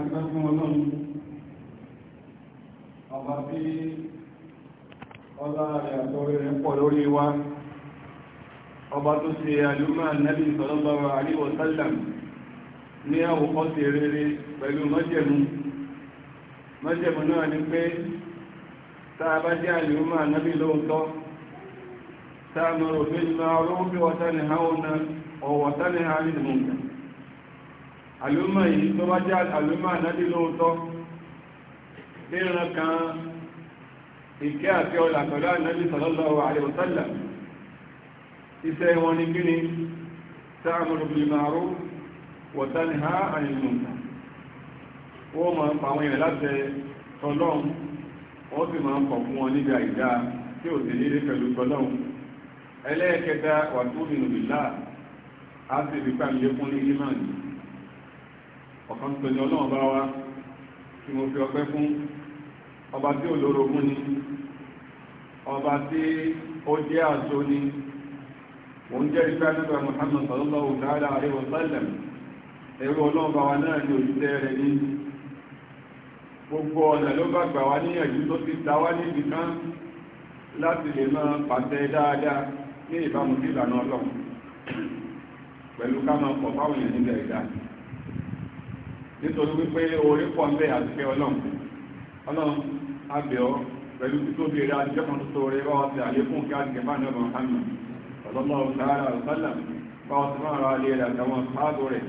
ọjọ́ fún ọlọ́run ọba bí ọlá rẹ̀ àtọrẹ rẹ̀ pọ̀ lórí wa tó ṣe àlúmà nẹ́bí sallallahu alaihi wa sallam ní àwòkọ́ sí rere pẹ̀lú mọ́jẹ̀mú mọ́jẹ̀mú náà ni pé táa bá jẹ́ àlúmà nẹ́bí lóòótọ́ táa mọ̀rọ̀ fil ma'rufi wa tanhawna wa tanha 'anil munkar àlúmọ̀ yìí tó bá jẹ́ àlúmọ̀ ànábí lóòótọ́ níran kan ìkẹ́ àti ọlà pẹ̀lú ànábí sallallahu alaihi wasallam iṣẹ́ wọn ni gíní ta'muru bil ma'ruf wa tanha 'anil munkar wọ́n máa ń pa àwọn èèyàn láti tọlọ́run wọ́n sì máa ń pọ̀ fún wọn ọ̀kan tó ní ọlọ́run bá wá tí mo fi ọpẹ́ fún ọba tí ò lórogún ni ọba tí ó jẹ́ àṣọ ni òun jẹ́ ìfẹ́ nígbà Muhammad sallallahu ta'ala alaihi wa sallam ẹ̀rọ ọlọ́run bá wa náà ní òṣìṣẹ́ rẹ̀ ní gbogbo ọ̀nà ló bá gbà wá níyànjú tó ti ta wá níbi kan láti lè máa pàṣẹ dáadáa ní ìbámu sí ìlànà ọlọ́run pẹ̀lú ká máa pọ̀ fáwọn èèyàn nílẹ̀ ìdájọ́ nítorí wípé orí pọ̀ ńlẹ̀ àti pé ọlọ́run ọlọ́run abẹ́ọ́ pẹ̀lú tó bí ra jẹ́ kan tó rẹ̀ wá ti àlékún kí á ti gẹ̀bá ní ọmọ hàmì ọlọ́lọ́run sáárà ọ̀sálà bá ọ̀sán máa ra alẹ́ rẹ̀ àtàwọn sáàbò rẹ̀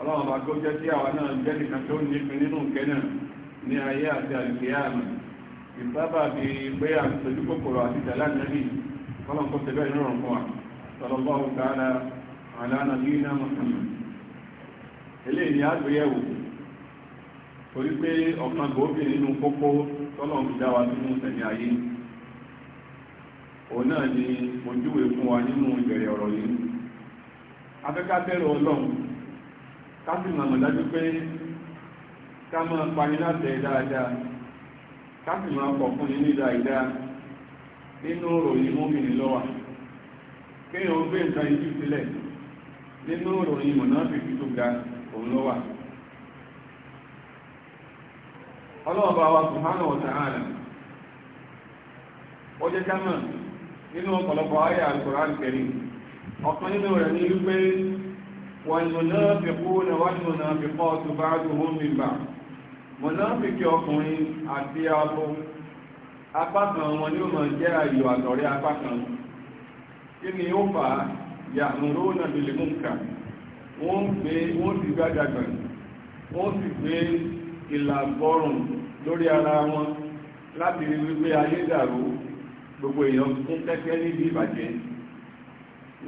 ọlọ́run bá kó jẹ́ sí àwa náà jẹ́ nìkan tó ní fi nínú kẹ́nà ní ayé àti àlùkè àmì ìsábà bí pé àtìsójú kòkòrò àti ìjàlá nẹ́bí ọlọ́run kó tẹ̀lé ìrọ̀rùn fún wa sọlọ́lọ́run sáárà àlànà bí iná mọ̀sánmọ̀ eléyìí ni àgbéyẹ̀wò torí pé ọ̀kan gbòógì nínú kókó tọ́lọ̀ ń nínú ayé o náà ni ojúwe fún wa nínú ìbẹ̀rẹ̀ ọ̀rọ̀ yìí afẹ́ká bẹ̀rẹ̀ ọlọ́run ká sì mọ̀ dájú pé ká máa pani láti ẹ̀ dáadáa ká sì fún ní lọ́wà kéèyàn gbé nǹkan ijú sílẹ̀ nínú ga òun ló ọlọ́ọ̀bá wa subhanahu wa ta'ala ó jẹ́ kámà nínú ọ̀pọ̀lọpọ̀ ayé al-Qur'an al-Karim ọ̀kan nínú rẹ̀ ní wípé wal-munafiquna wal-munafiqatu ba'duhum min ba'd mọ̀náfíkì ọkùnrin àti abo wọ́n gbé wọ́n sì gbájàgbà wọ́n sì gbé ìlà bọ́rùn lórí ara wọn láti rí wípé ayé dàrú gbogbo èèyàn kún kẹ́kẹ́ níbi ìbàjẹ́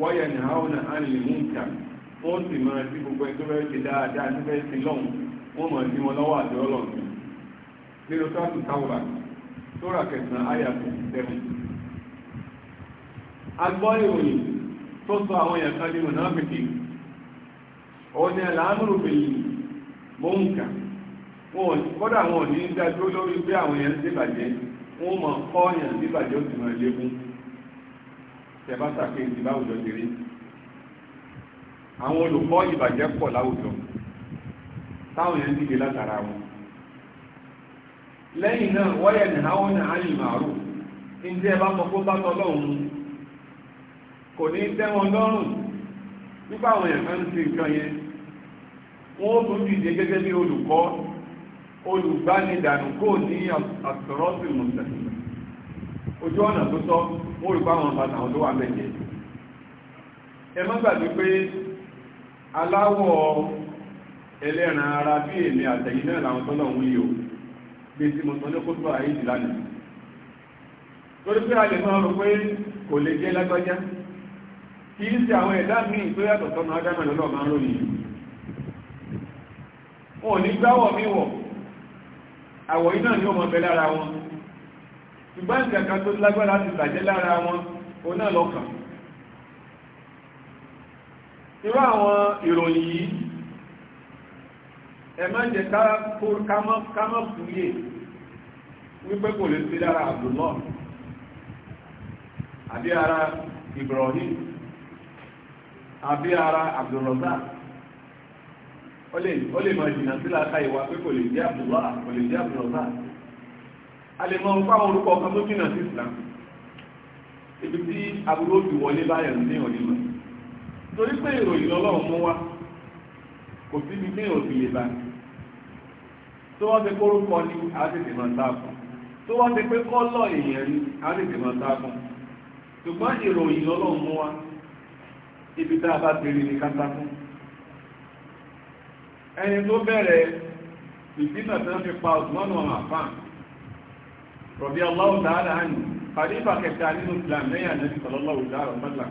wọ́yẹ̀ ní àwọn àìlè mú ìkà wọ́n sì máa sí gbogbo ẹni tó fẹ́ ṣe dáadáa tó fẹ́ ṣe lọ́hùn wọ́n máa sí wọn lọ́wọ́ àti ọlọ́ọ̀sìn nínú sáàtù táwà tó rà kẹsàn-án àyà tó ti tẹ́mu. a gbọ́ ìròyìn tó sọ àwọn èèyàn kan nínú náà fìkì òun ni àlàámùrù bèèrè mọ́ǹkà kódà wọn ní dájú lórí pé àwọn èèyàn ti bàjẹ́ wọn mọ̀ kọ́ èèyàn bàjẹ́ ó sì mọ̀ tẹ̀bá kiri àwọn olùkọ́ ìbàjẹ́ pọ̀ láwùjọ táwọn èèyàn dìde látara wọn lẹ́yìn náà wọ́yẹ̀ ní àwọn ní àyè màrú ìdí ẹ̀bá kò ní tẹ́wọn lọ́rùn nípa àwọn èèyàn kan nǹkan wọ́n tún dìde gẹ́gẹ́ bí olùkọ́ olùgbánidànù kò ní àtọ̀rọ́sì mùsùlùmí ojú ọ̀nà tó tọ́ wọ́n rí báwọn bá tàwọn tó wà mẹ́jẹ̀ ẹ má pé aláwọ̀ ẹlẹ́ran ara bí èmi àtẹ̀yìn náà làwọn tọ́lọ̀ ń bí kó tó lánàá a lè máa rò pé kò lè jẹ́ lágbájá kì í ṣe àwọn ẹ̀dá míì tó yàtọ̀ sọ́nà wọn ò ní gbáwọ̀ mí wọ̀ àwọ̀ iná ni ó mọ̀ bẹ lára wọn ṣùgbọ́n nǹkan kan tó lágbára ti bàjẹ́ lára wọn òun náà lọ́kàn irú àwọn ìròyìn yìí ẹ má jẹ́ ká mọ́ fúyè wípé kò lè sí lára Abdullah àbí ara Ibrahim àbí ara Abdulrazak ó lè máa sí láàká ìwà pé kò lè jẹ́ àbúrò kò lè jẹ́ àbúrò a lè mọ fáwọn orúkọ kan tó jìnà sí Islam ibi tí aburú ti wọlé báyọ̀ ní mọ̀ torí pé ìròyìn ọlọ́run mú kò síbi bá tó wọ́n ti ní máa tó wọ́n ti pé èèyàn ní máa ṣùgbọ́n ìròyìn ọlọ́run mú ibi tá a bá ẹni tó bẹ̀rẹ̀ ìdínà tó ń fi pa ọ̀tùmọ́nù ọmọ àfáà rọ̀bí aláwọ̀ dáadáa hàn fàdíbà kẹta nínú islam lẹ́yìn àjẹ́sì sọlọ́lọ́wọ̀ dáadáa mọ́lá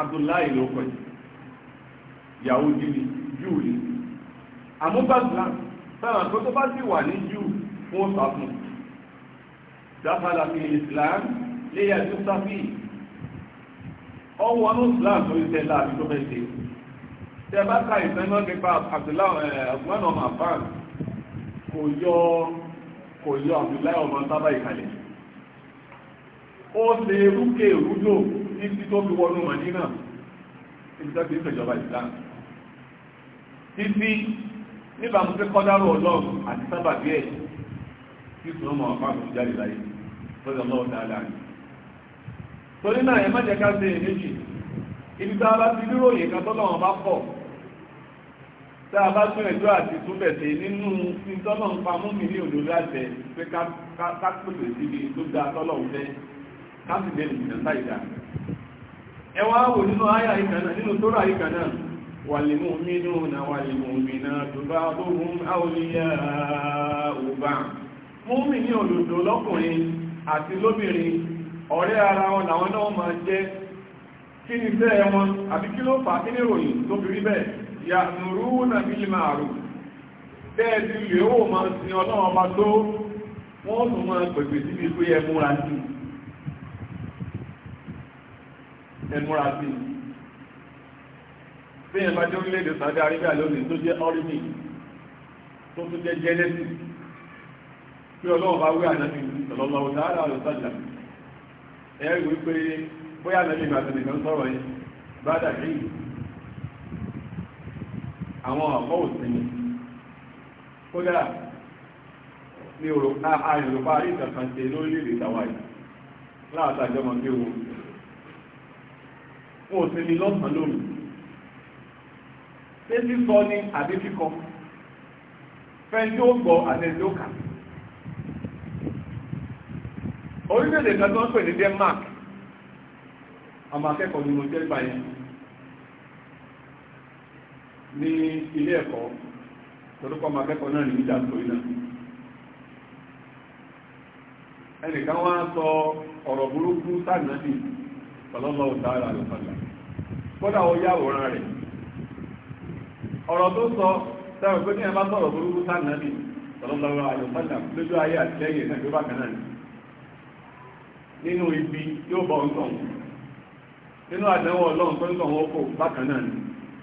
abdullahi ló kọ̀ yàwó jíbi júù ni àmúgbàgbà sára tó tó bá sì wà ní júù fún ọ̀sà fún dáfàlà fi islam lẹ́yìn àjẹ́sì sọ́fì ọwọ́ ní islam tó ń tẹ́lá àbí tó fẹ́ ṣe tẹ bá ká ìfẹ́nà nípa Abdullahi eh, ọmọ afan kò yọ kò yọ Abdullahi ọmọ sábà ìkàlẹ̀ ó ṣe rúkè rúdò títí tó fi wọnú Màdínà ìjọba ìfẹ̀jọba ìsìlámù títí nípa mú pé kọ́dárò ọlọ́run àti sábà bí ẹ̀ tí sùn ọmọ àpapọ̀ ti jáde láyé lọ́dọ̀ ọlọ́run dáadáa ni. torí náà ẹ má jẹ́ ká ṣe èméjì ibi tá ti dúró yìí kan bá pọ̀ tá a bá tún ẹjọ́ àti túbẹ̀ sí nínú ìtọ́nà ń pamọ́ mi ní òdòdó àtẹ pé ká pèsè síbi tó da tọ́lọ̀ ń fẹ́ lè lè ẹ wá wò nínú àyà ìkànnà nínú tóra ìkànnà wà lè mú mi nù wà lè mú mi tó bá wọn làwọn náà máa jẹ́ kí wọn àbí kí ló fà kí ní ya'muruna na ma'ruf tẹ́ẹ̀dì lè ó ma sin ọlọ́wọ́ bá tó wọ́n tún máa pẹ̀pẹ̀ pé ẹmúra sí ẹmúra sí bí jẹ́ orílẹ̀-èdè tó jẹ́ ọ́rìnì tó tún jẹ́ jẹ́lẹ́sì pé ọlọ́wọ́ bá wí ànábì ọlọ́lọ́wọ́ sáárà ọ̀sọ́jà ẹ̀rù wípé bóyá ànábì ìgbà kan sọ̀rọ̀ yìí bá àwọn ọ̀pọ̀ òsìnmi kódà ní àìrùpá ìtàkàn ṣe lórílẹ̀-èdè tàwáì láàtàjọmọ̀ pé o wọn òsìnmi lọ́sàn lómi ṣé sísọ ní àbí kíkọ fẹ́ntí ó gbọ́ àtẹ́ntí ó kà orílẹ̀-èdè kan tó ń pè ní Denmark ọmọ akẹ́kọ̀ọ́ ni mo jẹ́ báyìí ní ilé ẹ̀kọ́ torúkọ ma kẹ́kọ̀ọ́ náà nìyí dàtò iná ẹnìkan wá sọ ọ̀rọ̀ burúkú sáàdìnàdì pẹ̀lọ́lọ́ òtàrà àlùfàlà kódà ó yàwòrán rẹ̀ ọ̀rọ̀ tó sọ sẹ́wọ̀n pé ní ẹ bá sọ̀rọ̀ burúkú sáàdìnàdì pẹ̀lọ́lọ́ àlùfàlà lójú ayé àtìlẹ́yìn náà tó bá kan náà nínú ibi yóò bọ̀ ń tọ̀ nínú àdánwò ọlọ́run tó ń bákan náà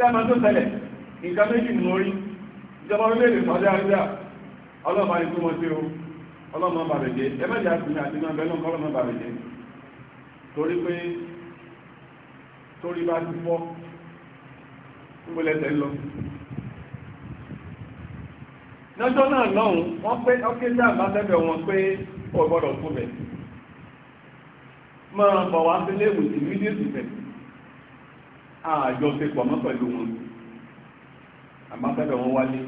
tẹ́mà tó tẹ́lẹ̀ nǹkan méjì mú ìjọba orílẹ̀-èdè sọ́dá àríyá ọlọ́mà ikú wọn tí ó ọlọ́mà bàbẹ̀jẹ́ ẹmẹ́jà sí àti mẹ́bẹ̀lọ́n ọlọ́mà bàbẹ̀jẹ́ torí pé torí bá ti fọ́ lọ lọ́jọ́ náà lọ́hùn wọ́n pé wọn pé fún bẹ̀ máa bọ̀ wá àjọṣepọ̀ mọ́ pẹ̀lú wọn àbáfẹ́fẹ́ wọn wálé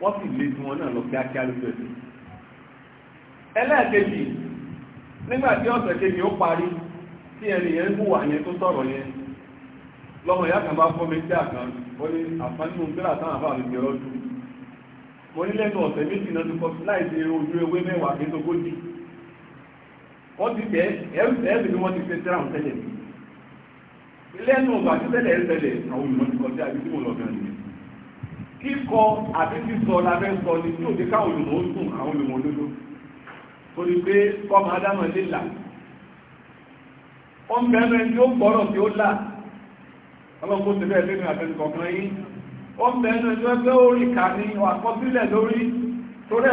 wọ́n sì lé tí wọn náà lọ kíákíá lójú ẹ̀sìn ẹlẹ́ẹ̀kejì nígbà tí ọ̀sẹ̀ kejì ó parí tí ẹni yẹn ń hùwà yẹn tó sọ̀rọ̀ yẹn lọ́mọ ìyá kan bá fọ́ mi tí àkàn ó ní àfánínú bílà táwọn àbá mi jẹ́ ọdún mo ní lẹ́nu ọ̀sẹ̀ méjì náà dúkọ́ láì ṣe ojú ewé mẹ́wàá kí n tó gójì wọ́n ti tẹ̀ ẹ́ ẹ́ ẹ́ bí wọ́n ti ṣe tẹ́ra wọn tẹ́lẹ̀ mi lẹ́nu ọ̀gbà tí tẹ́lẹ̀ ń tẹ́lẹ̀ àwọn olùmọ̀ ti kọjá ibi tí mo lọ gan nìyẹn kíkọ àbí sísọ labẹ́ sọ ni tí òde káwọn olùmọ̀ ó sùn àwọn olùmọ̀ olódó torí pé kọ́mọ adámọ̀ lè là ó ń bẹ́ẹ̀ ní ó gbọ́rọ̀ tí ó là ọlọ́pọ̀ ti bẹ́ẹ̀ lẹ́nu àtẹnukọ̀kan yìí ó ń ó gbé orí kà ní àkọsílẹ̀ lórí torí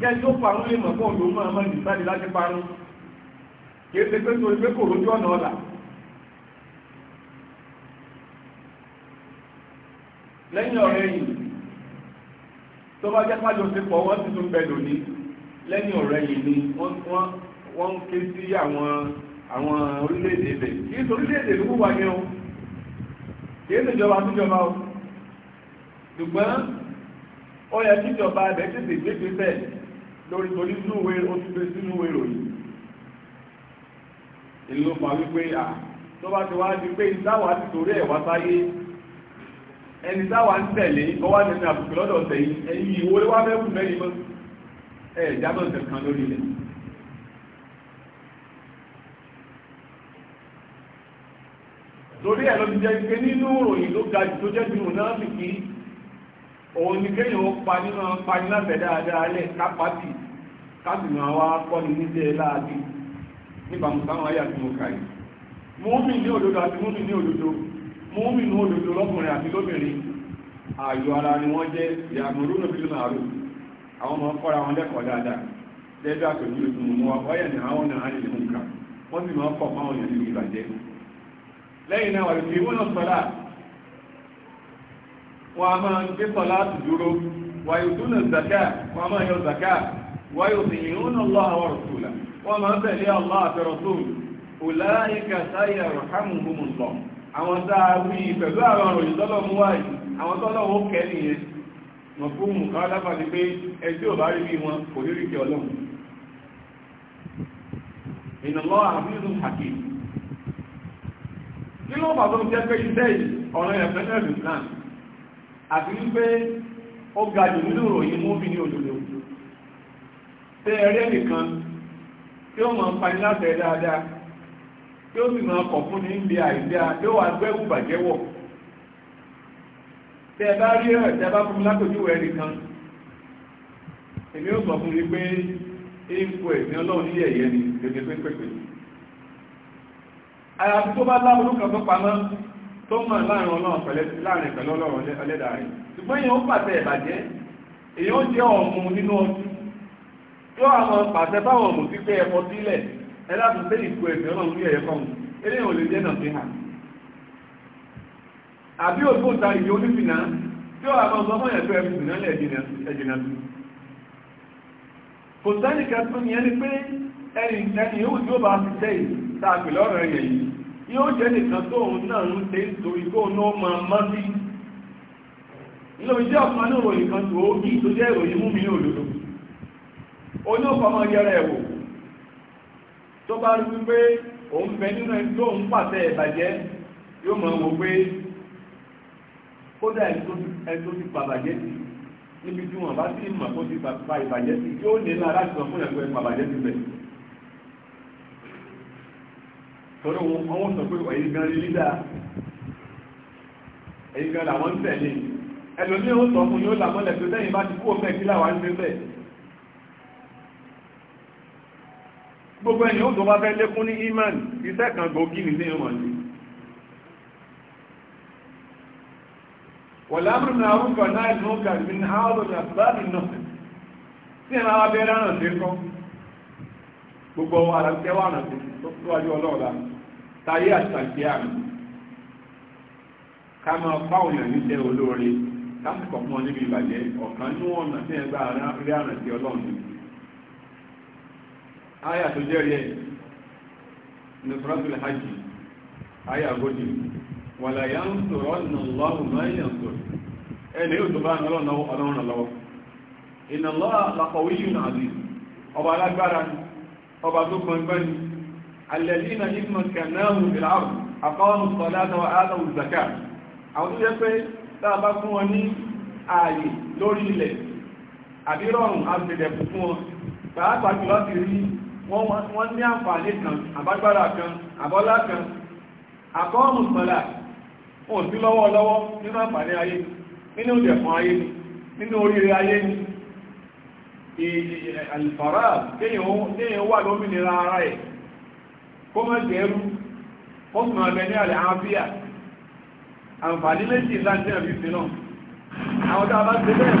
kẹ́ni ó parun lè mọ̀ bọ́ọ̀lù ó máa mọ̀ nìbàdí láti parun kìí ṣe pé torí pé kò lójú ọ̀nà ọ̀la. lẹ́yìn ọ̀rẹ́ yìí tó bá jẹ́ pàjọṣepọ̀ wọ́n ti tún bẹ lónìí lẹ́yìn ọ̀rẹ́ yìí ni wọ́n ń ké sí àwọn àwọn orílẹ̀-èdè bẹ̀ kìí ṣe orílẹ̀-èdè ló wà ní o kìí ṣe ìjọba àtijọba o ṣùgbọ́n ó yẹ kíjọba abẹ tètè gbégbé bẹ́ẹ̀ lórí torí sínú ìwé ó ti gbé sínú ìwé ìròyìn èyí ló fà wípé à tó bá ti wá di pé ìsáwà ti torí ẹ̀wá sáyé ẹni táwà ń tẹ̀lé ọwá nínú àbùkù lọ́dọ̀ tẹ̀yìn ẹ̀yìn ìwó wá mẹ́kù mẹ́rin mọ́ ẹ̀ jábọ̀ tẹ̀kan lórí ilẹ̀ torí ẹ̀ lọ́dún jẹ́ pé nínú ìròyìn ló ga jù tó jẹ́ jù náà sì kí òun ni kéèyàn ó pa nínú pani láfẹ̀ dáadáa lẹ̀ kápátì kábìnrin àwọn akọni níṣẹ́ láàbí níbàmù sáwọn ayé àti mọ̀ká yìí múmi ní òdodo àti múmi ní múmi ní lọ́kùnrin àti lóbìnrin ara ni wọ́n jẹ́ àwọn ọmọ wọn lẹ́kọ̀ọ́ dáadáa àpèjú ní àwọn wọ́n sì wọn a máa gbé sọlá dúró wàyò tó nà zaka wọn a máa yọ zaka wàyò sì yìí ń lọ àwọn rọ̀tùlà wọn máa tẹ̀lé ọlọ́ àtẹ̀rọ̀tù ọ̀làyíkà sáyà rọ̀hámù gbọmọlọ àwọn tá a wí pẹ̀lú àwọn òròyìn tọ́lọ̀ mú wáyé àwọn tọ́lọ̀ ó kẹ́ nìyẹn wọn fún ni pé ẹjọ́ ò bá rí bí wọn kò ní rí kí ọlọ́run nínú ọ̀pàá tó ń jẹ́ pé iṣẹ́ ọ̀rọ̀ ẹ̀fẹ́ náà àti wípé ó ga jù nínú ìròyìn múbi ní òdòdó tẹ ẹrẹ́ nìkan tí ó máa ń pani láti dáadáa tí ó sì máa kọ̀ fún ní ibi tí ó wà gbẹ́wù bàjẹ́ wọ̀ tẹ ẹ bá rí ẹ̀ tẹ bá fún mi látòjú ẹ nìkan èmi ó sọ fún mi pé ọlọ́run ní ẹ̀yẹ ni tó mọ̀ láàrin ọlọ́run pẹ̀lẹ́ láàrin pẹ̀lú ọlọ́run ẹlẹ́dà rẹ̀ ṣùgbọ́n èèyàn ó pàṣẹ ìbàjẹ́ èèyàn ó jẹ́ ọ̀mù nínú ọtí tó àwọn pàṣẹ báwọn ọ̀mù ti pé ẹ̀kọ́ sílẹ̀ ẹlẹ́dàbí pé ìkú ẹ̀sẹ̀ ọlọ́run ní ẹ̀yẹ kọ́hún eléyàn ò lè jẹ́ nà fi hàn àbí òtúta ìyó onífìnà tí ó àwọn ọmọ yẹn tó ẹ̀fù náà ẹ̀jìnà sí kò sẹ́nìkan tó ní ẹni pé ẹni yóò tí ó bá ti tẹ́ ìtàkùn yóò jẹ́ nìkan tó òun náà ń tẹ́ nítorí kó náà máa mọ́ sí ilé ìjẹ́ ọ̀kan ní ìròyìn kan tó ó bí tó jẹ́ ìròyìn mú mi ní òdodo onífọmọ yẹrẹ ẹ̀wò tó bá rí wípé òun bẹ nínú ẹni tó ń pàtẹ ìbàjẹ́ yóò mọ̀ wò pé kódà ẹni tó ti pàbàjẹ́ sí níbi tí wọ́n bá sí mọ̀ kó ti pa ìbàjẹ́ sí yóò nílò aláṣọ fún ẹ̀kọ́ ìpàbàjẹ́ sí bẹ́ẹ̀ tọ́lọ́ wọn sọ pé ẹ̀yin gan ni lídà ẹ̀yin gan làwọn ń tẹ̀lé ẹlòmíì ó sọ fún yóò làmọ́lẹ̀ pé sẹ́yìn bá ti kú òfin ẹ̀kí làwọn ń gbé bẹ́ẹ̀ gbogbo ẹni ó tó bá fẹ́ lékún ní iman iṣẹ́ kan gbòógì ní sẹ́yìn wọn ni wọ̀lámù náà rúkọ̀ náà ló kà sí ní àwọn àbáàbì náà sí ẹ̀rọ abẹ́rẹ́ náà sí kọ́ gbogbo àràkẹ́wà náà sí tó wájú ọlọ́ọ̀la táyé àtàkì àmì ká máa fáwọn èèyàn níṣẹ́ olóore láti kọ̀ọ̀kan níbi ìbàjẹ́ ọ̀kan ní ọ̀nà tí ẹ gbà rí àrùn sí ọlọ́run áyà tó jẹ́rìí ẹ̀ ní suratul hajj áyà gòdì wàlà yà ń sọ̀rọ̀ ọ̀nà lọ́wọ́ máa ń yàn sọ̀rọ̀ ẹni yóò tó bá ń lọ́nà ọlọ́run lọ́wọ́ inna Allah laqawiyyun aziz ọba alágbára ọba tó gbọngbọ́n ni الذين إذن كناهم في العرض أقاموا الصلاة وآتوا الزكاة àwọn tó yẹ pé tá a bá fún wọn ní ààyè lórí ilẹ̀ àbírọ̀rùn àbẹ̀dẹ̀kù fún wọn pàápàá jùlọ ti rí wọ́n ní àǹfààní kan àbágbára kan àbọ́lá kan àkọ́ọ̀mù sọ́lá wọn sí lọ́wọ́ lọ́wọ́ nínú àǹfààní ayé nínú ìdẹ̀kùn kó má jẹ ẹrú ó sì ní àlẹ́ àáfíà àǹfààní méjì àbí fi náà àwọn tá a bá ti bẹ́ẹ̀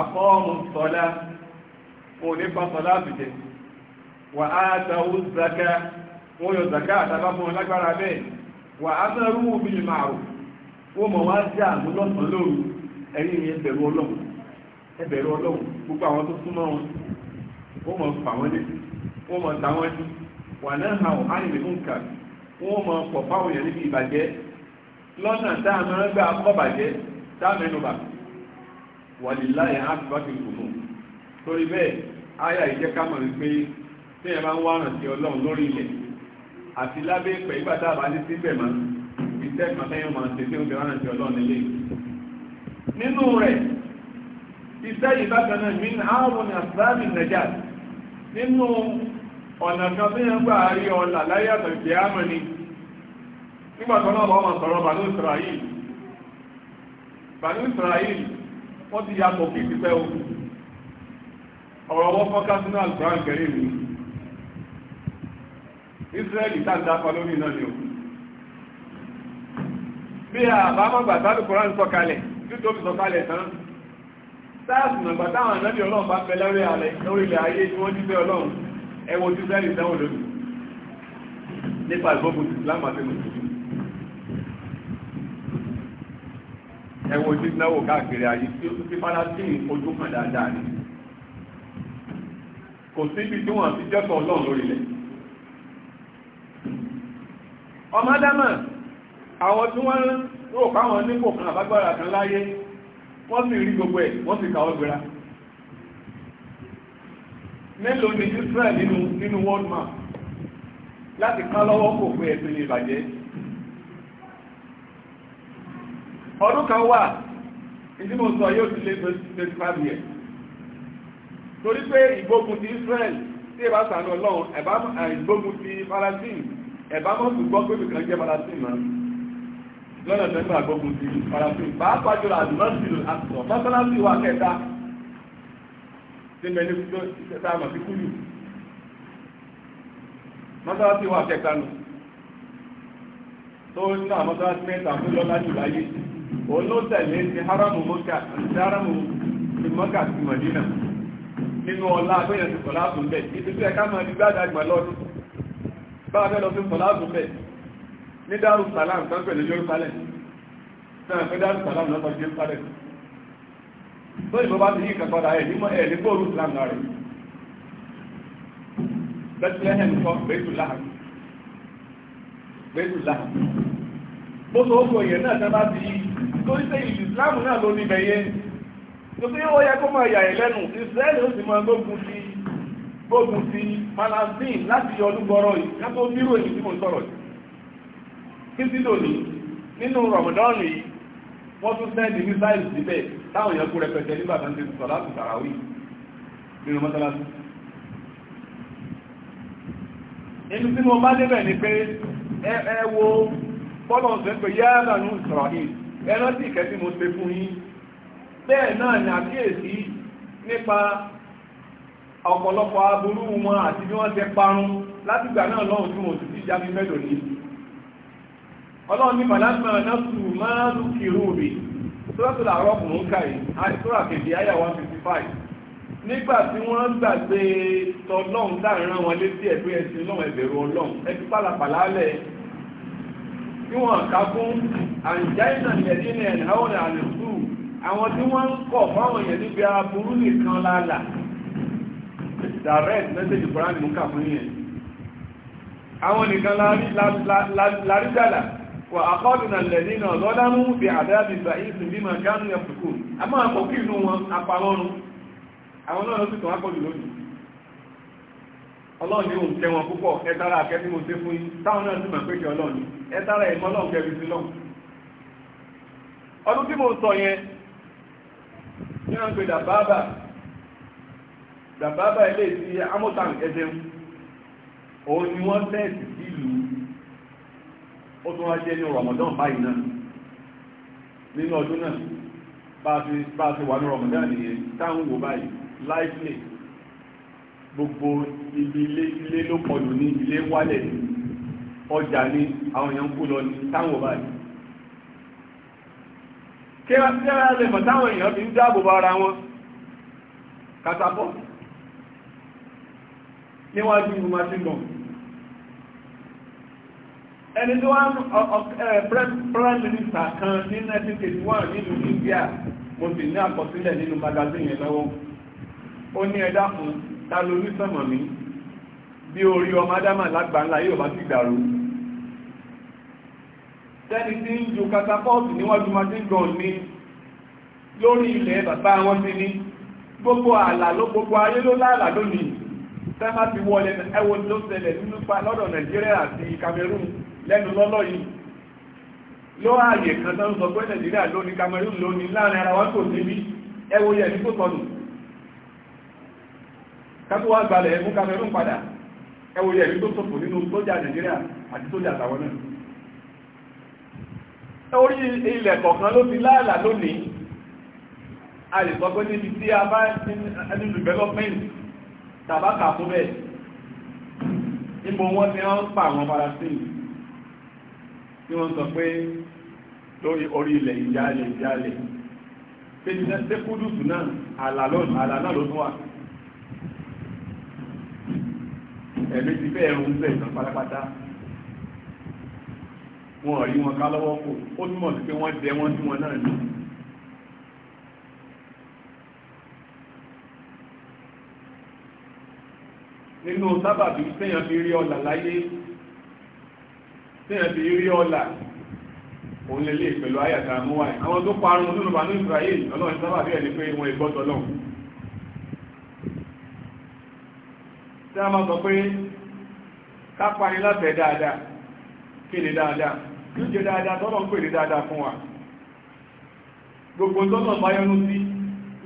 àkọ́ọ̀mù sọ̀lá òun wà á zaka wọn yọ zaka àtàbá fún lágbára bẹ́ẹ̀ wà á mẹ́rú wọ́n mọ̀ wá sí àmú lọ́sàn lóru ẹ̀yìn ọlọ́run ẹbẹ̀rù ọlọ́run gbogbo àwọn tó súnmọ́ wọn wọ́n mọ̀ fà wọ́n wọ́n mọ̀ ta wọ́n wà náà hàn wọ́n á lè mú nǹkan wọ́n mọ pọ̀ fáwọn èèyàn níbi ìbàjẹ́ lọ́nà tá a máa ń gbà kọ́ bàjẹ́ tá a mẹ́nu bà wà lè láyà á fi bá fi kù mọ́ torí bẹ́ẹ̀ áyà ìjẹ́ ká mọ̀ wípé tí ẹ bá ń wá rántí ọlọ́run lórí ilẹ̀ àti lábẹ́ pẹ̀ ìgbà tá a bá ní síbẹ̀ mọ́ iṣẹ́ kan tẹ́yìn máa ṣe tí ó fi rántí ọlọ́run nílé nínú rẹ̀ iṣẹ́ yìí bákan náà mí ọ̀nà kan tó yẹn gbà rí ọ̀là láyé àtàkì àmọ́ ni nígbàtọ́ náà bọ́ wọn sọ̀rọ̀ bàánú Israel bàánú Israel wọ́n ti ya pọ̀ kí ti pẹ́ o ọ̀rọ̀ wọ́n fọ́ká ní Israel náà ni o bí i tán sáàsì nàgbà táwọn ànábì ọlọ́run bá fẹ́ lórí ayé tí wọ́n fẹ́ ọlọ́run ẹwọ ojú sẹ́rì ìdáwò lónìí nípa ìgbógun islam àti mùsùlùmí ẹwọ ojú náwó káàkiri ayé tí ó ti fara sí ojú kan dáadáa ni kò síbi tí wọ́n ti jẹ́kọ̀ọ́ ọlọ́run lórí ilẹ̀ ọmọdámà àwọn tí wọ́n rò káwọn nípò kan àbágbára kan láyé wọ́n sì rí gbogbo ẹ̀ wọ́n sì kàwọ́ gbéra mélòó ni Israel nínú nínú world map láti ká lọ́wọ́ kò pé ẹ̀sìn lè bàjẹ́ ọdún kan wà ìdí mo sọ yóò ti lé twenty five years torí pé ìgbógun ti Israel tí ìbá sànú ọlọ́run ẹ̀bá ìgbógun ti Palestine ẹ̀bá mọ́sùn gbọ́ pé nìkan jẹ́ Palestine mọ́ lọ́nà tẹ́gbà gbógun ti Palestine pàápàá jùlọ àdúrà sí àtọ̀ mọ́sálásí wa kẹta síbẹ̀ ní kúló ìṣẹ́ta àmọ̀ sí kúlù mọ́sálásí wà kẹta nù tó ń ná mọ́sálásí mẹ́ta fún lọ́lá jù láyé òun ló tẹ̀lé ti haramu mọ́kà àti haramu ti mọ́kà ti mọ̀dínà nínú ọlá ti kọ̀lá àtún bẹ̀ ibi tí ẹ̀ká máa di gbádà àgbà lọ́dún bá abẹ́ lọ sí kọ̀lá àtún bẹ̀ ní Darussalam tán pẹ̀lú Jerusalem náà pé Darussalam lọ́kọ̀ Jerusalem tó ìbọn bá ti yí ìkàkọ́dà ẹ̀ nímọ̀ ẹ̀ ní gbòòrò islam náà rẹ̀ bẹ́tìlẹ́hẹ̀m sọ bẹ́tùláhà bó so ó kò yẹ̀ náà tẹ́ bá ti yí tó ń islam náà ló ní bẹ̀yẹ tó tí ó yẹ kó máa yà ẹ̀ lẹ́nu israẹli ó sì máa gbógun ti gbógun ti palestine láti ọdún gbọ́rọ̀ yìí ká bírò yìí tí mo yìí kí sí lónìí nínú ramadan yìí tún sẹ́ẹ̀dì táwọn èèyàn kú rẹpẹtẹ nígbà tó ń tẹ sọ láti tàràwí nínú mọ́sálásí inú tí mo bá débẹ̀ ni pé ẹ wo bọ́lọ̀ ń sẹ́ pé yára nù Israel ẹ rántí ìkẹ́ tí mo ṣe fún yín bẹ́ẹ̀ náà ni àkíyèsí nípa ọ̀pọ̀lọpọ̀ aburú wọn àti bí wọ́n ṣe parun láti gbà náà lọ́hùn tí wọ́n ti ti jáde mẹ́lò ní ọlọ́run ní bàlámà náà sùn máa lùkìrù rèé sọ́tọ̀ làárọ̀ kùnú ń kàyí àìsọ́rọ̀ àkèdè àyà 155 nígbà tí wọ́n ń gbàgbé tọ́lọ́hún dáìran wọn létí ẹ̀gbẹ́ ẹ̀sìn náà ẹ̀bẹ̀rù ọlọ́hún ẹ̀tí pàlàpàlà lẹ̀ tí wọ́n ká fún àǹjáìnà nẹ̀dínà ẹ̀hánwọ̀n àlùkù àwọn tí wọ́n ń kọ̀ fáwọn èèyàn níbi aburú nìkan lálà direct message brand mú kà fún yẹn àwọn nìkan lárí dàlà وأخذنا الذين na بعذاب بئيس بما كانوا يفسقون أما أقول لهم أقرون àwọn náà lọ́sìtò wá pọ̀jù lónìí ọlọ́run ni òun tẹ́wọn púpọ̀ ẹtara àkẹ́bí mo dé fún táwọn náà sì ẹ̀mọ́ ọlọ́run sí ọdún tí mo sọ yẹn ní wọ́n pe ilé ìsí amótàn òun ó tún wá jẹ́ ní Ramadan báyìí náà nínú ọdún náà bá ti wà ní Ramadan nìyẹn táwọn wò báyìí láìpẹ́ gbogbo ibi ilé ló pọ̀jù ní ilé wálẹ̀ ọjà ní àwọn èèyàn kú lọ ní táwọn báyìí kéwà a lè mọ̀ táwọn èèyàn fi ń dáàbò bá ara wọn kàtàbọ̀ níwájú machine ẹni tó wọ́n prime minister kan ní 1981 nínú India mo sì ní àkọsílẹ̀ nínú magazine yẹn lọ́wọ́ ó ní ẹ̀dá fún ta ló ní sọ̀mọ̀ mi bí orí ọmọ adámà lágbàńlá yóò bá ti dàrú tẹ́ni tí ń ju katapọ́ọ̀tì níwájú madrigal ní lórí ilẹ̀ bàbá wọn ti ní gbogbo ààlà ló gbogbo ayé ló láàlà lónìí tẹ́mà ti wọlé ẹwọ́n ló ṣẹlẹ̀ nínú pa lọ́dọ̀ Nàìjíríà àti Cameroon lẹ́nu lọ́lọ́ yìí ló ààyè kan tó ń sọ pé nàìjíríà lónìí Cameroon lónìí láàrin ara wa kò níbi ẹwọ yẹ ní tó tọ̀nù kákó wá gbalẹ̀ ẹ̀mú Cameroon padà ẹwọ yẹ ní tó tọ̀fù nínú sójà nàìjíríà àti sójà àtàwọn náà orí ilẹ̀ kọ̀ọ̀kan ló ti láàlà lónìí a lè sọ pé níbi tí a bá ní development tàbá kà fún bẹ́ẹ̀ níbo wọ́n ti ń pa àwọn Palestine tí wọ́n sọ pé lórí orí ilẹ̀ ìjálẹ̀ ìjálẹ̀ pé ní ṣe kúdùsù náà àlà náà ló tún wà ẹ̀mí ti fẹ́ ẹ̀rùn bẹ̀ ìtàn pátápátá wọn rí wọn ká lọ́wọ́ kò ó túmọ̀ sí pé wọ́n jẹ wọ́n tí wọn náà ní nínú sábàbí téèyàn fi rí ọlà láyé tíyàn ti rí ọ̀la òun lè lè pẹ̀lú àyàtà àmúwà yìí àwọn tó parun nínú bàánú Israel ọlọ́run sábà bí ẹni pé a máa sọ pé ká pani láti ẹ̀ dáadáa kí ni dáadáa kí ó dáadáa ń pè ní dáadáa fún wa gbogbo tọ́lọ̀ báyọ́nú sí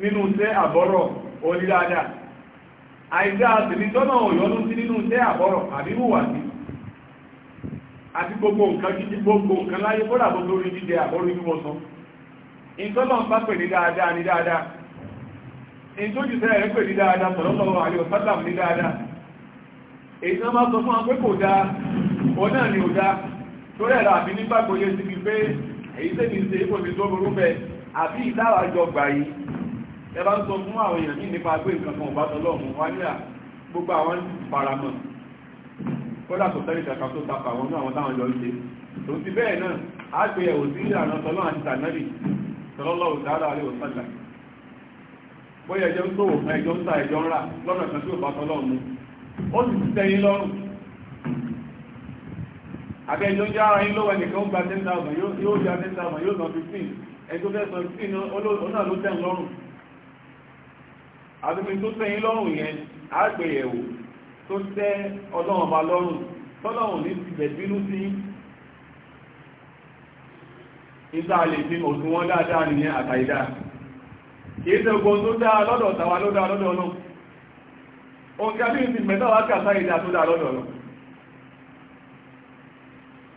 nínú iṣẹ́ àbọ́rọ̀ orí dáadáa àìdáa ní tọ́lọ̀ òyọ́nú sí nínú iṣẹ́ àti gbogbo nǹkan títí gbogbo nǹkan láyé kódà bó lórí jíjẹ àbọ́rí wíwọ́ san ìtọ́lọ̀ ń bá pè ní dáadáa ní dáadáa ìtọ́jùsẹ́ rẹ̀ pè ní dáadáa sallallahu alaihi wasallam ní dáadáa èyí tán máa sọ fún apẹ́ kò dáa òun náà ni ò dáa torí ẹ̀rọ àbí nígbàgbọ́ yé sí wípé èyí tẹ́ mi ṣe ipò mi tó burú bẹ́ẹ̀ àbí ìdáwàjọ gbà yìí ẹ bá ń sọ fún àwọn èèyàn nípa pé nǹkan kan ò bá tọ́lọ́ọ̀mù kódà kò sẹ́rì kankan tó tapà wọn náà wọn táwọn jọ ń ṣe tó ti bẹ́ẹ̀ náà á pe ẹ̀wò sí ìlànà tọ́lọ́ àti tànẹ́rì tọ́lọ́lọ́ òtàrà àríwò sọ́jà bóyá ẹjọ́ ń tó òfin ẹjọ́ ń ta ẹjọ́ ń rà lọ́nà kan tí ò bá tọ́lọ́ mu ó sì ti tẹ́yìn lọ́rùn àbẹ́ ẹjọ́ ń jẹ́ ara yín lọ́wọ́ ẹnìkan ó gba ten thousand yóò gba ten thousand yóò ná fifteen ẹjọ́ fẹ́ sọ fifteen náà ló tẹ̀ lọ́rùn àdúgbò tó tẹ́yìn lọ́rùn yẹn á gbé yẹ̀wò tó tẹ́ ọlọ́run ọba lọ́rùn tọ́lọ́run ní tilẹ̀ bínú sí ìta lè fi òsùn wọn dáadáa nìyẹn àtàìdá kìí tẹ́ ogun tó dáa lọ́dọ̀ tàwa ló dáa lọ́dọ̀ náà òun kí a bí ti mẹ́ta wá kàtà ìdá tó dáa lọ́dọ̀ náà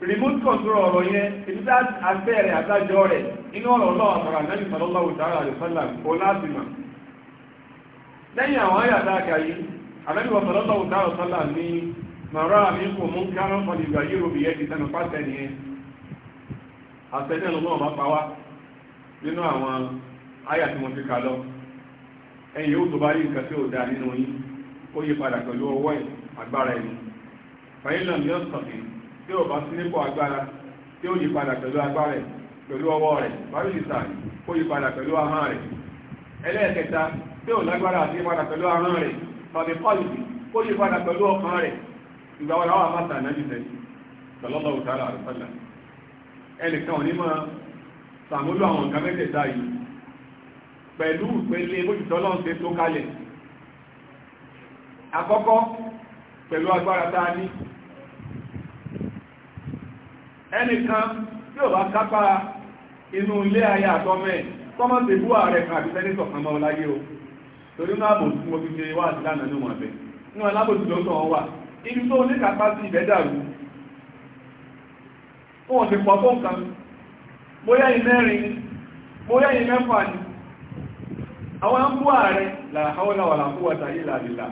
remote control ọ̀rọ̀ yẹn ìdídá àfẹ́ rẹ̀ àtàjọ rẹ̀ inú ọ̀rọ̀ náà àmọ̀ràn náà ìfàlọ́lọ́wọ̀ tààrà àlùfàlà kò láti mà lẹ́yìn àwọn àyàtà àkàyí àbẹ́bí wọ́n sọ̀rọ̀ sọ̀rọ̀ dáhùn sọ́là ní màrá àmì kò mú kárọ̀ fọ́lì ìgbà yìí ròbì yẹn ti sẹ́nu pàṣẹ nìyẹn àṣẹjẹ́ ló mọ̀ ọ̀bá pa wá nínú àwọn àyà tí wọ́n ti kà lọ ẹ̀yìn yóò tó bá rí nǹkan tí ò dáa nínú yín ó yí padà pẹ̀lú ọwọ́ ẹ̀ agbára ẹ̀ fàyínà ní ọ̀sọ̀tì tí ò bá sí nípò agbára tí ó yí padà pẹ̀lú agbára ẹ̀ pẹ̀lú ọwọ́ rẹ̀ bábílìsà ó yí padà pẹ̀lú ahọ́n rẹ̀ ẹlẹ́ẹ̀kẹta tí ò lágbára àti padà pẹ̀lú ahọ́n rẹ̀ tàbí pọ́lìsì kó yí padà pẹ̀lú ọkàn rẹ̀ ìgbà wọn àwọn àmàtà ànájú tẹ̀lé sallallahu ta'ala alaihi wasallam ẹnìkan ò ní máa sàmúlò àwọn nǹkan mẹ́tẹ̀ẹ̀ta yìí pẹ̀lú ìpele bójútọ́ lọ́n ṣe tó kalẹ̀ àkọ́kọ́ pẹ̀lú agbára tá a ní ẹnìkan tí ò bá kápá inú ilé ayé àtọ́mẹ́ tọ́mọ́ tèbú ààrẹ kan àbí sẹ́nitọ̀ kan mọ́ láyé o torí náà bò tí mo fi ṣe wá àti lánàá níwọ̀n abẹ níwọ̀n alábòsí ló ń tọ̀ wọ́n wà ibi tó ní kápá sí ibẹ̀ dàrú wọ́n ti pọ̀ tó nǹkan bóyá ìmẹ́rin bóyá ìmẹ́fà ni àwọn ń bú ààrẹ làhàwọ́lá wà láfúwàtà ìlà ìlà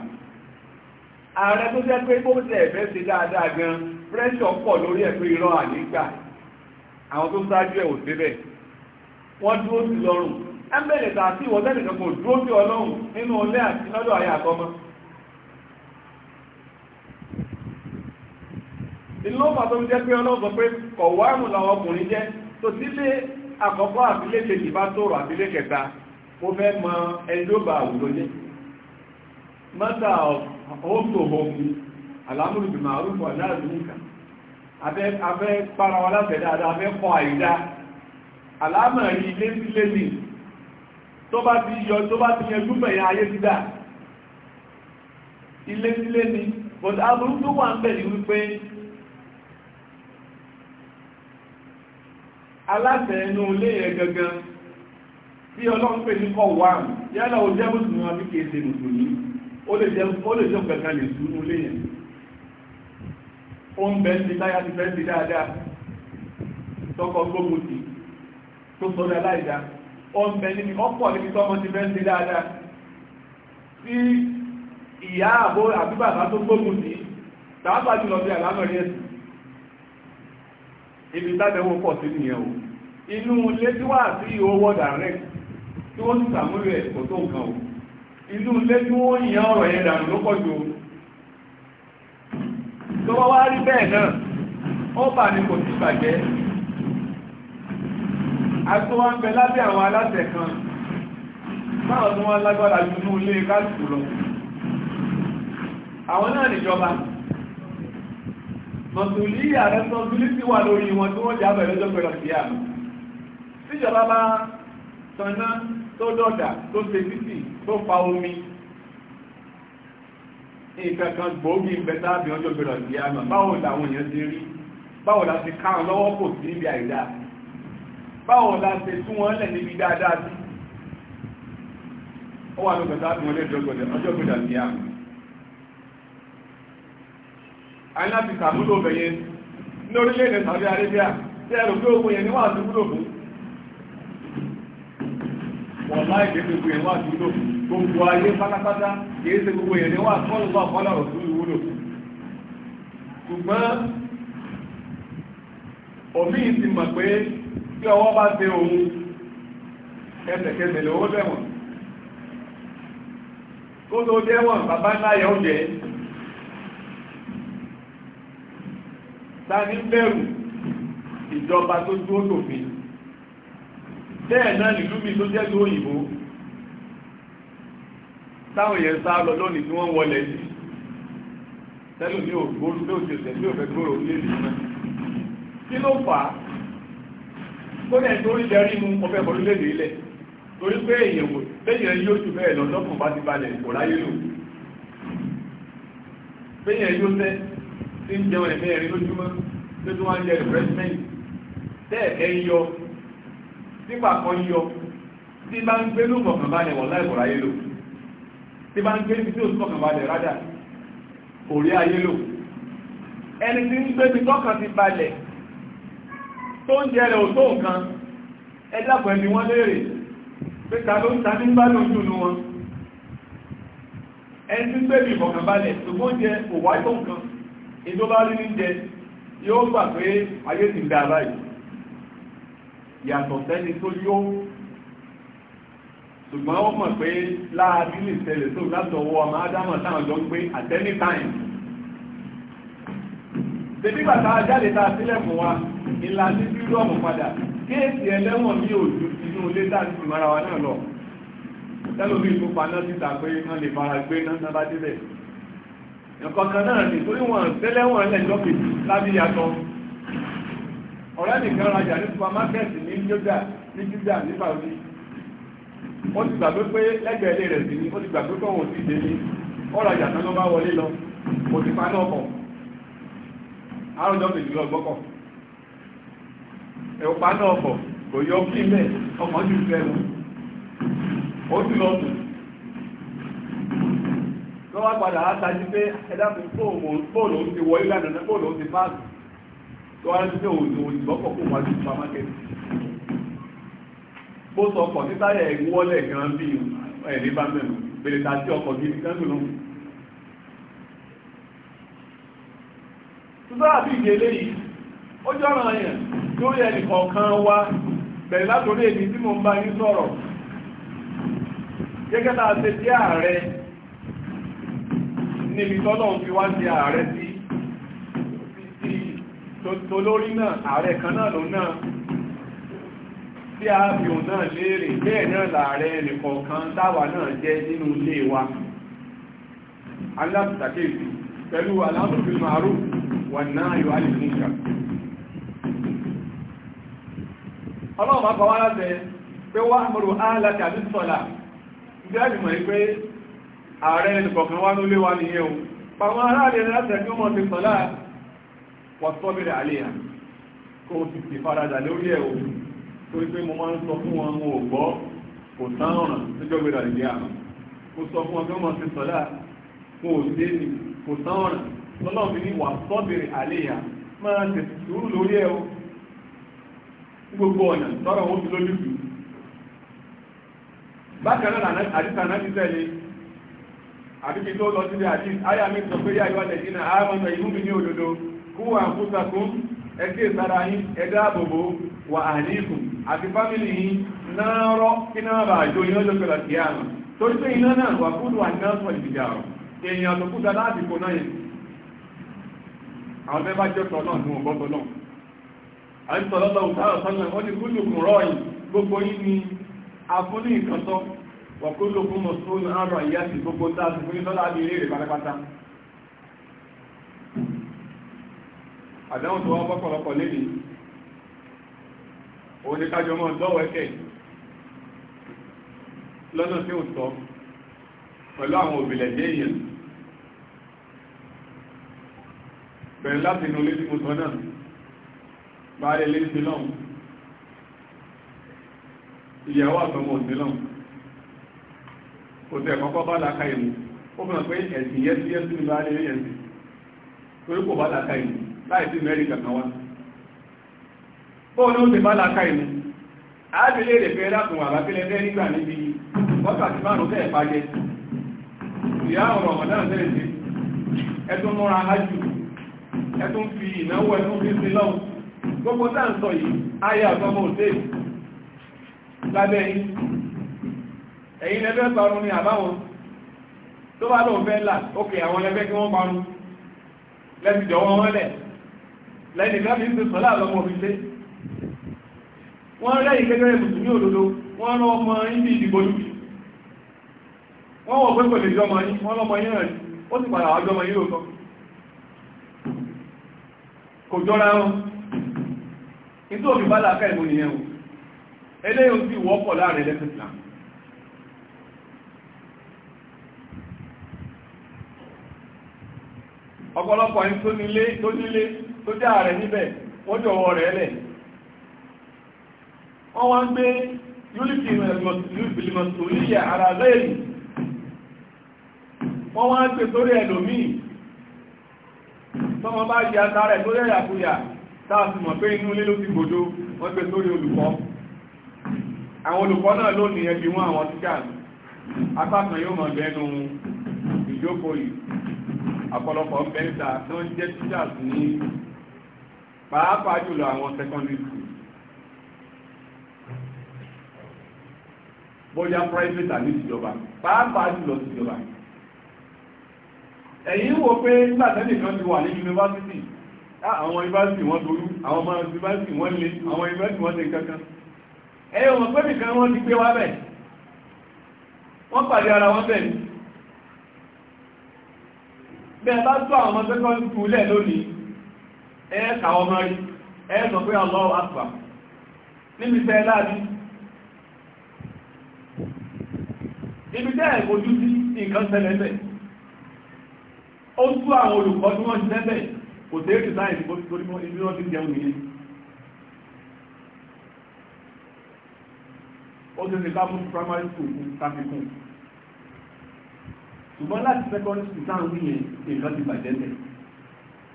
ààrẹ tó jẹ́ pé bó tẹ̀ ẹ̀fẹ́ sí dáadáa gan pressure pọ̀ lórí ẹ̀ pé irọ́ ànígbà àwọn tó ṣáájú ẹ̀ ò débẹ̀ wọ́n dúró sí lọ́rùn ẹ̀mẹ́lẹ̀ tàbí ìwọ̀n tẹ́lẹ̀kẹ́ kò dúró sí ọlọ́run nínú ọlẹ́ àti lọ́dọ̀ ayé àtọmọ inú ọmọ tó ń jẹ́ pé ọlọ́gbọ̀n pé kọ̀wáàmù làwọn ọkùnrin jẹ́ tó sílé àkọ́kọ́ àbílé kejì bá tòrò àbílé kẹta mo fẹ́ mọ ẹjọ́bà àwùjọ jẹ́ mọ́tà home to home ni alámúlùbí màálùfù aláàdúnkà afẹ́ para wa láfẹ̀ẹ́ dáadáa afẹ́ kọ àìdá alámọ̀ ilé sílé nìyí tó bá ti yọ tó bá ti yẹjú mẹ̀yà ayé dídà ilé sílé ni but aburú tó wà ń bẹ̀ ní wípé aláṣẹ ẹnu ilé yẹn gangan tí ọlọ́run pè ní ọ̀wà yálà ó jẹ́ mùsùlùmí àbí kìí ṣe mùsùlùmí ó lè jẹ́ kankan lè sùn ilé yẹn ó ń bẹ̀ ń di láyà ti fẹ́ ń di dáadáa tọkọ gbógun tì tó sọ ní aláìdáa ọmọ níbi ọpọ̀ níbi tọ́mọ ti bẹ́ ṣe dáadáa tí ìyá àbó àbíbàbá tó gbógun sí tàbá jùlọ bí àlámọ̀rí ẹ̀sìn ibi tàbẹ̀wò pọ̀ sí nìyẹn o inú ilé tí wà sí owó direct tí wọ́n ti sàmúlò ẹ̀ kò tó nǹkan o inú ilé tí wọ́n yàn ọ̀rọ̀ yẹn dànù ló pọ̀ jù tó wá rí bẹ́ẹ̀ náà ó bà ní kò sí ìbàjẹ́ àtúwà ń bẹ lábẹ́ àwọn aláṣẹ kan báwọn tó wọ́n lágbára jù ní ilé káàkù lọ àwọn náà níjọba mọ̀tòlí ààrẹ sọ bí lítí wà lórí wọn tí wọ́n jà bẹ̀rẹ̀ lọ́jọ́ pẹ̀lọ̀ sí àmì tíjọba bá tanná tó dọ̀dà tó ṣe títì tó fa omi nǹkan kan gbòógì ń bẹ sáàbì ọjọ́ pẹ̀lọ̀ sí àmì báwo làwọn èèyàn ti rí báwo la ti ká ba la tún wọn lẹ̀ níbi dáadáa sí ó wà lókè sáà tí wọn lè dọ́gbọ̀dẹ̀ ọjọ́ gbọ́dà na à á sàmúlò bẹ̀yẹ ní orílẹ̀-èdè Saudi Arabia tí ẹrù pé ogun yẹn ní wà fún ṣùgbọ́n òfin ti mọ̀ pé bí ọwọ́ bá dé òun ẹsẹ̀kẹsẹ̀ lówó tẹ̀wọ̀n kó tó tẹ́wọ̀n bàbá ńlá yẹ oúnjẹ ta ní bẹ̀rù ìjọba tó dúró tòfin bẹ́ẹ̀ náà nìlú mi tó jẹ́ tó òyìnbó táwọn èèyàn sá lọ lónìí tí wọ́n wọlé sí tẹ́lù ní ògbóró tó jẹ́ tẹ́lù òfẹ́ gbóró nílùú náà kí ló fà á tó dẹ̀ tó rílẹ̀ rí mú ọfẹ́ orílẹ̀-èdè ilẹ̀ torí pé èyẹ̀wò tẹ́yẹ̀ yóò jù bẹ́ẹ̀ lọ́dọ́kùn bá ti balẹ̀ kò ráyé lò tẹ́yẹ̀ yóò tẹ́ tí ń jẹun ẹ̀mẹ́ ẹ̀rí lójúmọ́ tó tó wá ń jẹ refreshment tẹ́ẹ̀kẹ́ yọ nígbà kan yọ tí bá ń gbé lókọ̀kan balẹ̀ wọ̀ láì kò ráyé lò tí bá ń gbé tí ó kọ̀kan balẹ̀ rádà kò rí ayé lò ẹni tí ń gbé mi tọ́kàn ti balẹ̀ tó ń jẹ rẹ̀ ò tó nǹkan ẹ̀dàpọ̀ ẹ̀mí wọ́n léèrè pé ta ló ń ta ní bá lójú nu wọn ẹni tí gbé mi ìfọ̀kànbalẹ̀ ṣùgbọ́n jẹ òwá tó nǹkan èdò bá rí ní jẹ yóò gbà pé ayé ti dá báyìí yàtọ̀ sẹ́ni tó yó ṣùgbọ́n wọ́n mọ̀ pé láàbí lè ṣẹlẹ̀ tó látọwọ́ ọmọ ádámọ̀ táwọn jọ ń pé at any time tẹ̀sígbà tá a jáde tá a sílẹ̀ fún wa ìlànà fíríọ̀mù padà kéèsì ẹlẹ́wọ̀n ní òjò inú ilé dáàbì sí mara wa náà lọ tẹ́lómi tó paná síta pé wọ́n lè fara gbé náà bá débẹ̀ nǹkan kan náà ní torí wọn tẹ́lẹ́wọ̀n lẹ́jọ́ kejì lábí yàtọ̀ ọ̀rẹ́ nìkan rajà ní supamákẹ́ẹ̀tì ní júdà ní júdà ní bàbí ó ti gbàgbé pé lẹ́gbẹ̀ẹ́ ilé rẹ̀ sí ni ó ti gbàgbé pé òun ti dé ní ọ̀rajà tán ló bá wọlé lọ kò sì paná ọkọ̀ àrùjọ́ méjìlọ gbọ́kọ̀ ẹ̀ọ̀pá náà bọ̀ kò yọ kí lẹ̀ ọmọ jù fẹ́ lọ ó sì lọ sùn lọ́ wá padà látajú pé ẹ̀dáfin fóònù ó ti wọ ìlànà náà fóònù ó ti fáàlù tó wá ń pé òòlù òyìnbọ́kọ̀ kó wájú pàmákẹ́tì bó sọ ọkọ̀ nítáyà ẹ̀wọ́lẹ̀ gan bí ẹ̀rí bá mẹ́rin bèrè tàbí ọkọ̀ gidi kan lòun sísáàbí ìdílé yìí ó jọ́ràn àyàn lórí ẹnì wa bẹ̀rẹ̀ látòrí èdè tí mo ń bá yín sọ̀rọ̀ gẹ́gẹ́ a ṣe ààrẹ níbi tọ́lọ̀ ń fi wá sí ààrẹ sí tolórí náà ààrẹ kan náà ló náà tí a fi òun náà léèrè bẹ́ẹ̀ náà lààrẹ táwa wà náà yóò alì ní ìkà ọlọ́run bá kọwàá láti pé wá mọ̀rọ̀ áàlàtì àti sọ́là ìgbẹ́lì mọ̀ pé ààrẹ ẹnìkọ̀kan wá lólé wa nìyẹn o pàwọn aráàlẹ̀ láti ẹ̀kí mọ̀ ti sọ́là wà sọ́bẹ̀rẹ̀ àlèyàn kó o ti ti lọ́lọ́run fi ní wà sọ́bìrì àléyà máa tẹ̀sí sùúrù lórí ẹ̀ o gbogbo ọ̀nà tọ́rọ wọn ti lójú jù bákan náà àdìsá náà ti tẹ̀lé àbíkí tó lọ sílé àdìs áyà mi sọ pé yáyọ àtẹ̀jì náà á máa ìlú mi ní òdodo kú wà ń kúta kún ẹgbẹ́ ìsára yín ẹgbẹ́ àbòbò wà àdìkùn àti fámìlì yín náà rọ kí náà bà àjò yín ọjọ́ pẹ̀lú àti torí pé iná náà wà kúrò àti náà sọ ìdìjà rọ èèyàn àtòkúta láti kò náà yẹn àwọn tẹ́ bá jẹ́ tọ́lọ́ ní ọgbọ́ tọ́lọ́ àìsọ̀lọ́lọ́ òtàrọ̀ sọ́nà wọ́n ni kúlùkùn rọ́ọ̀yìn gbogbo yìí ni a fún ní ìkàntọ́ wọ́n kúlùkùn mọ̀ sún a ti fún ní tọ́lá àbí eré rẹ̀ pátápátá àdáhùn tó wọ́n bọ́pọ̀lọpọ̀ léde òun ni kájọ mọ́ lọ́wọ́ ẹ̀kẹ́ lọ́nà tí ó tọ́ pẹ̀lú àwọn òbílẹ̀ dé èèyàn bẹ̀rẹ̀ láti inú létí mo sọ náà bá rẹ̀ létí lọ́hùn ìyàwó àtọmọ òsì lọ́hùn kò tẹ̀ kọ́kọ́ bá làákà ìlú ó fi hàn pé ẹ̀sìn yẹ́sí yẹ́sí ni bá rẹ̀ lé ẹ̀sìn torí kò bá làákà ìlú láì sí mẹ́rin kankan wá bóun ló ti bá làákà ìlú àábìlẹ̀ rẹ̀ fẹ́ látùn àbákẹ́lẹ́ fẹ́ nígbà níbi wákàtí márùn-ún fẹ́ẹ̀ pàjẹ́ ìyá ọ̀rọ̀ ọ̀dá ẹ̀sìn ẹ̀tún mọ́ra ájù ẹ̀tún fi ìnáwó ẹ̀tún fi sí lọ́wọ́ gbogbo táà ń sọ yìí ayé àgbọmọ òtẹ́ẹ̀lì lábẹ́ yìí ẹ̀yin lẹ́fẹ́ parun ni àbáwọn tó bá lóun fẹ́ là ókè àwọn lẹ́fẹ́ kí wọ́n parun lẹ́fi jọ̀wọ́ wọn lẹ̀ lẹ́yìn ká fi ń sọ láàlọ́mọ òfin ṣe wọ́n rẹ́yìn gẹ́gẹ́ mùsùlùmí òdodo wọ́n rán ọmọ ibi ìdìbò yìí wọ́n wọ̀ pé kò lè jọmọ yìí wọ́n lọ́mọ yìí rẹ̀ ó sì padà wájọmọ kò jọra wọn nítorí òfin bá làákà ìmú nìyẹn o eléyìí sì wọ́pọ̀ láàrin ẹlẹ́sìn ọ̀pọ̀lọpọ̀ ẹni tó nílé tó nílé tó jẹ́ ààrẹ níbẹ̀ wọ́n jọ̀wọ́ rẹ̀ lẹ̀ wọ́n wá ń gbé yúlìkì ìrìnàjò ara tọ́mọ bá yà sára ẹ̀ tó yàyàkúyà táàfì mọ̀ pé inú ilé ló ti gbòdó wọ́n gbé sórí olùkọ́ àwọn olùkọ́ náà lónìí ẹbí wọn àwọn tíkà apákan yóò mọ̀ bẹ́nu ìjókòó yìí ọ̀pọ̀lọpọ̀ mẹ́ta tó ń jẹ́ tíkà ní pàápàá jùlọ àwọn secondary school bóyá private àti ìjọba pàápàá jùlọ ìjọba yìí ẹ̀yìn wò pé nígbàtẹ́lì kan ti wà ní yunifásitì àwọn yunifásitì wọ́n torú àwọn ọmọ yunifásitì wọ́n lè àwọn yunifásitì wọ́n ti kankan ẹ̀yìn wọ́n pẹ́ nìkan wọ́n ti gbé wá bẹ̀ wọ́n pàdé ara wọn bẹ̀ ní bẹ́ẹ̀ bá tó àwọn ọmọ sẹ́kọ́ndì túlẹ̀ lónìí ẹ kàwọn ọmọ rí ẹ sọ pé Allahu Akbar níbi tẹ́ láàbí ibi tẹ́ ẹ̀kọ́ ojú sí nǹkan ṣẹlẹ̀ bẹ́ẹ̀ ó tú àwọn olùkọ́ tí wọ́n ti tẹ́lẹ̀ kò tẹ́ rí sáyẹ̀ torí ibi wọ́n ti jẹun nìyẹn ó ti rí káàmù primary school káfíkún ṣùgbọ́n láti secondary school táwọn yẹn èèyàn ti bàjẹ́ tẹ̀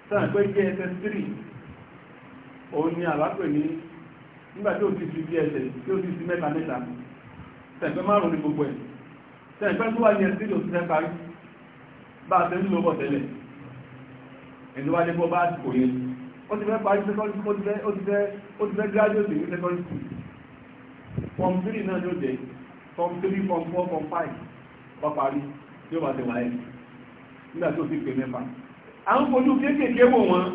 sáà pé jss3 òun ni àlápẹ̀ ní nígbà tí ó ti fi bí ẹsẹ̀ tí ó ti fi mẹ́ta mẹ́ta tẹ̀pẹ́ márùn-ún ní gbogbo ẹ̀ tẹ̀pẹ́ tó wà ní ẹsẹ̀ tí bá a tẹ́lú lọ́pọ̀ tẹ́lẹ̀ ẹ̀lúwà lẹ́gbọ́ bá àsìkò yẹn ó ti fẹ́ parí secondary school ó ti fẹ́ graduate ní secondary school form three náà ló dé three form four form five wọ́n parí tí ó bá ti wà ẹ̀ nígbà tí ó ti pè mẹ́fà àwọn fojú kéékèèké wò wọ́n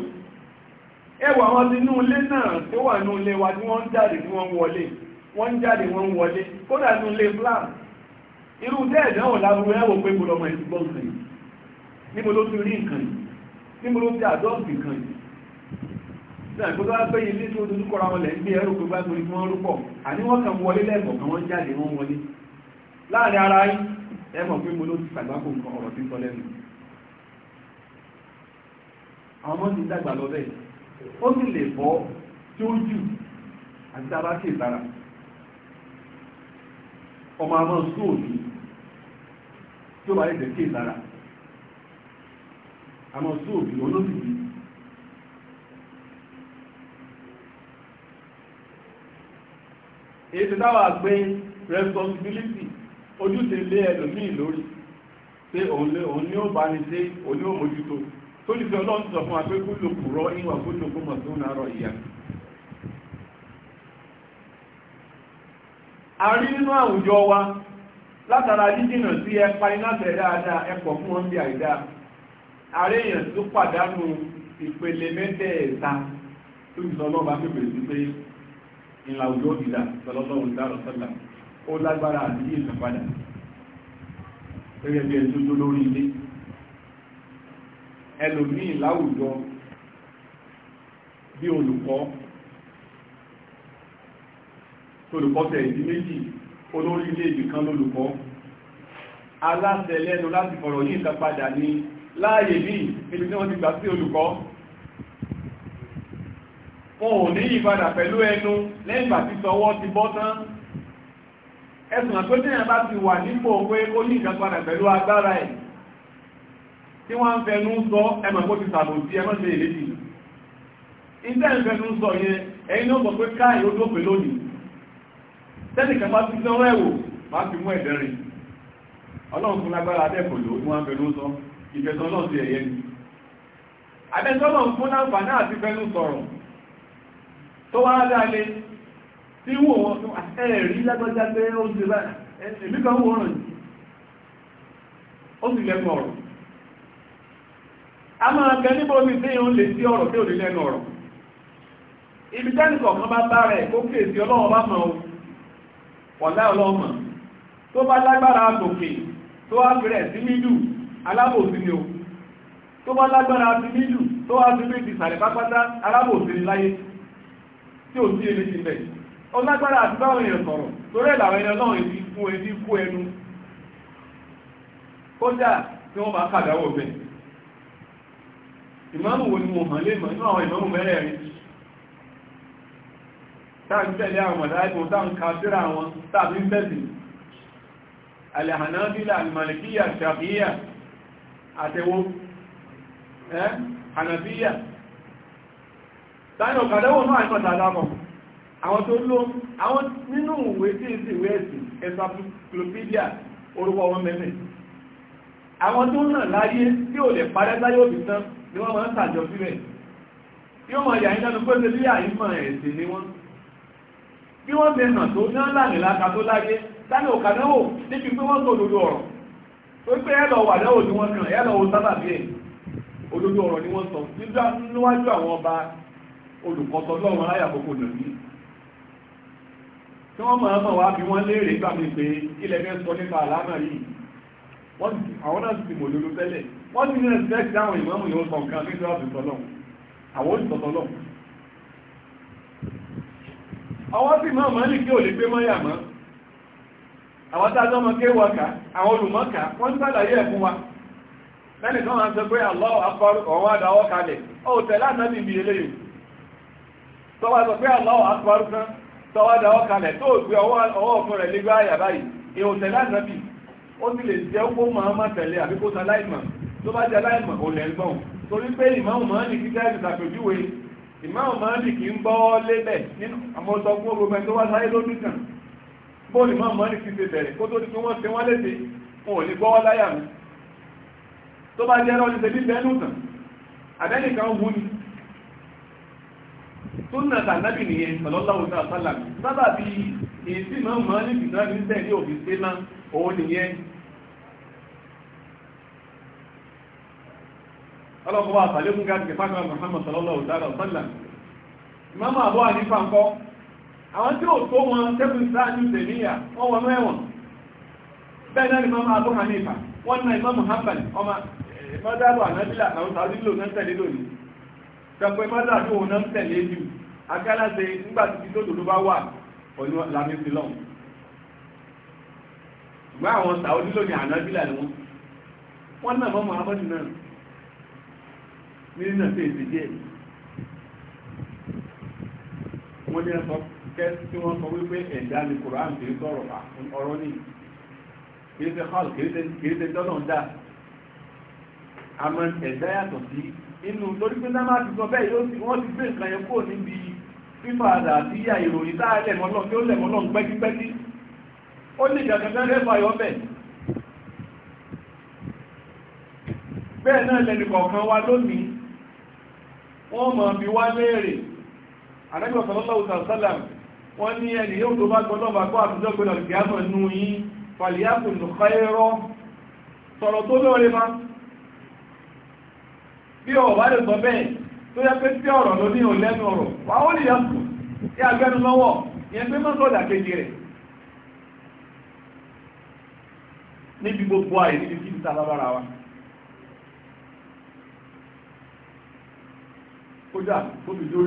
ẹwà wọn ti nú ilé náà tó wà nú ilé wa tí wọ́n ń jáde tí wọ́n ń wọlé wọ́n ń jáde kódà nú ilé flat irú dẹ́ẹ̀dẹ́wò láburú ẹ̀wò pé gbọdọ̀ mọ̀ ẹ̀sìn níbo ló ti rí nǹkan yìí níbo ló ti àdọ́ọ̀sì nǹkan yìí náà kó tó wá pé ilé tó dojú kọra wọn lẹ̀ ń gbé ẹrù pé bá torí wọn rúpọ̀ àní wọ́n kàn wọlé lẹ́ẹ̀kọ̀ kan wọ́n jáde wọ́n wọlé láàrin ara yìí ẹ pé mo ló ti sàgbákò nǹkan ọ̀rọ̀ tí ń sọ àwọn ọmọ ti dàgbà lọ bẹ́ẹ̀ ó sì lè bọ́ tí ó jù àti tá a bá kè sára ọmọ àwọn sóòtú tí ó bá lè tẹ̀ kè sára àmọ́ sí òbí olóbìbí èyí ti dáwà gbé responsibility ojúṣe lé ẹlòmíì lórí pé òun ní ó bá ní sí òun ó mójútó tó ní fi ọlọ́run sọ fún ìwà tó a rí nínú àwùjọ wa látara jíjìnà sí ẹpa iná tẹ̀ dáadáa ẹpọ̀ fún wọn bí àríyàn tó pàdánù ìpele mẹ́tẹ̀ẹ̀ta tó ti sọ́lọ́ bá pèpè sí pé ìlà òjò ìdá sọlọ́lọ́ ìdárọ̀ sọ́lá ó lágbára àti ìlú padà gẹ́gẹ́ bí ẹni tó lórí ilé ẹlòmíì láwùjọ bí olùkọ́ olùkọ́ tẹ̀ ìdí méjì olórí ilé ìbìkan lólùkọ́ aláṣẹ lẹ́nu láti fọ̀rọ̀ yìí ìta padà ní láàyè ní ibi tí wọ́n ti gbà sí olùkọ́ wọn ò ní ìbádà pẹ̀lú ẹnu lẹ́yìnbà tí sọwọ́ ti bọ́ tán ẹ̀sùn àpótíyàn bá ti wà nípò pé ó ní nǹkan padà pẹ̀lú agbára ẹ̀ tí wọ́n ń fẹnu sọ ẹmọ̀ kó ti sàbòsí ẹmọ́ sí èlédì ìtẹ́ ìfẹnu sọ yẹn ẹ̀yìn náà sọ pé káàyè ó dópe lónìí tẹ́nìkan bá ti sọ ẹ̀wò má fi mú ẹ̀dẹ́rìn ọlọ́run fún lágbára adẹ́kọ̀ọ́ ló ní wọ́n ń fẹnu sọ ìfẹ̀sọ́lọ́ sí ẹ̀yẹ ni àbẹ́sọ́lọ́ fún láǹfààní àti fẹ́nu sọ̀rọ̀ tó wá dáadé tí wò wọn fún ẹ̀rí lágbájá pé ó ti rà èmi kan wò ràn yìí ó sì lẹ́nu ọ̀rọ̀ a máa gẹ níbo mi tí yóò lè sí ọ̀rọ̀ tí ò ní lẹ́nu ọ̀rọ̀ ibi tẹ́nìkọ̀ kan bá bá rẹ̀ kó kéèsì ọlọ́wọ́ bá mọ̀ ọ̀lá ọlọ́mọ̀ tó bá lágbára tòkè tó á fẹ́rẹ̀ sí mídù alábòsí ni o tó bá lágbára ti níjù tó wá sí méjì sàrẹ̀ pápátá alábòsí ni láyé tí ò sí eléjì bẹ̀ ó lágbára àti báwọn èèyàn sọ̀rọ̀ torí ẹ̀làwọn ẹni ọlọ́run ti fún ẹni kú ẹnu kódà tí wọ́n bá kàdáwò bẹ̀ ìmáàmù wo ni mo hàn lè mọ̀ nínú àwọn ìmáàmù mẹ́rẹ̀ẹ̀rin táàbí tẹ̀lé àwọn mọ̀dáìkùn táàbí ka síra wọn táàbí bẹ̀sì alẹ́hànábílà alìmọ̀lẹ̀kíyà ṣàfihàn àtẹwó ànàbíyà táyọ̀ kàdẹ́wò náà àìmọ̀ tàdámọ̀ àwọn tó ló àwọn nínú ìwé tí ìsì ìwé ẹ̀sìn encyclopedia orúkọ wọn àwọn tó náà láyé tí ò lè parẹ́ láyé òbí tán ni wọ́n máa ń tàjọ sílẹ̀ tí ó máa yà bí ẹ̀sìn ni wọ́n wọ́n hàn tó ní láàrin láta tó láyé níbi pé wọ́n tó tó pé ẹ lọ wà lẹ́wọ̀ ni wọ́n kàn ẹ lọ wo sábà bí ẹ̀ olójú ọ̀rọ̀ ni wọ́n sọ nígbà níwájú àwọn ọba olùkọ́sọ lọ́wọ́ aláyàkókò nàbí tí wọ́n máa mọ̀ wá bí wọ́n léèrè gbà mí pé ilẹ̀ fẹ́ sọ nípa àlámà yìí wọ́n ti àwọn náà ti mọ̀ lólo tẹ́lẹ̀ wọ́n ti ní ẹ̀sẹ̀ tí àwọn ìmọ̀ọ́mù yóò sọ nǹkan bí wọ́n ti sọ lọ́wọ́ àwọn ò ti sọ lọ́wọ́ ọwọ́ sì máa mọ́ ní kí ò lè gbé mọ́yà mọ́ àwọn tàbí ọmọ kéwọ́ka àwọn olùmọ́ka wọ́n sàlàyé ẹ̀fún wa lẹ́nì kan máa sọ pé Allah akọrù ọ̀wọ́ àdáwọ́ kalẹ̀ ó tẹ̀lé ànábì ibi eléyìí tọ́wọ́ sọ pé Allah akọrù kan tọ́wọ́ àdáwọ́ kalẹ̀ tó gbé ọwọ́ ọ̀fún rẹ̀ lé gbáyà báyìí èèwọ̀ tẹ̀lé ànábì ó sì lè jẹ́ ó máa má tẹ̀lé àbí kó sa láìmọ̀ tó bá jẹ́ láìmọ̀ ò lẹ́ gbọ́n torí pé ìmáàmù Málíkì kíkẹ́ ìsàpèjúwe ìmáàmù Málíkì ń bọ́ lébẹ̀ nínú àmọ́sọ bóòlù máa mọ́ ní kí ṣe bẹ̀rẹ̀ kó tó ní kí wọ́n ṣe wọ́n léṣe wọn ò ní gbọ́wọ́ láyà mi tó bá jẹ́ rọ́ọ̀lù ṣe bíbẹ́ ẹnu tàn àbẹ́nìkan wú ni tó nà tà nábì nìyẹn sallallahu alaihi wasallam sábà bí èyí tí máa mọ́ ní ìgbìmọ̀ ní sẹ́yìn òfin ṣe máa òun nìyẹn ọlọ́pàá àtàlẹ́kùn gáàsì fáwọn Muhammad sallallahu alaihi wasallam ìmáàmù àbọ̀ ànífà ńkọ́ àwọn tí ó tó wọn tẹ́kùn sáájú tèmíyà wọ́n wọ́n mẹ́wọ̀n bẹ́ẹ̀ náà ni mọ́mọ́ Abu Hanifa wọ́n na Imam Hanbal ọmọ mọ́dábọ̀ ànábílà àwọn tàbí lò náà tẹ̀lé lónìí tẹ́kùn mọ́dábọ̀ òun náà tẹ̀lé jù agáláṣe nígbà tí tó dòdó bá wà pẹ̀lú lami sílọ̀ ṣùgbọ́n àwọn tàbí lónìí ànábílà ni wọ́n wọ́n náà mọ́mọ́ wọ́n ní ẹ̀sọ́ tí wọ́n sọ wípé ẹ̀dá ni Kùránì kìí sọ̀rọ̀ ọ̀rọ̀ ní kìí ṣe hall kìí ṣe dọ́nà ń dà àmọ́ ẹ̀dá yàtọ̀ sí inú torí pé náà máa ti sọ bẹ́ẹ̀ yóò sì wọ́n ti gbé nǹkan yẹn kúrò níbi fífa àdà àti yíya ìròyìn tá a lẹ̀mọ́ náà tí ó lẹ̀mọ́ náà pẹ́kípẹ́kí ó ní ìgbàgbọ́n rẹ̀ fàyọ́ bẹ́ẹ̀ bẹ́ẹ̀ náà lẹ́nu kọ̀ọ̀kan wa lónìí wọ́n mọ̀ bí wá léèrè Ànábì sallallahu alaihi wasallam wọ́n ní ẹni yóò tó bá gbọ́lọ́bà kọ́ àtijọ́ pẹ̀lú ìgbìyàmọ̀ nú yín fàlìyàkùn lùkọ́ẹ̀rọ sọ̀rọ̀ tó lóore ma bí ọ̀ wá lè sọ bẹ́ẹ̀ tó yẹ pé tí ọ̀rọ̀ ló ní òlẹ́nu ọ̀rọ̀ wà ó lè yàtù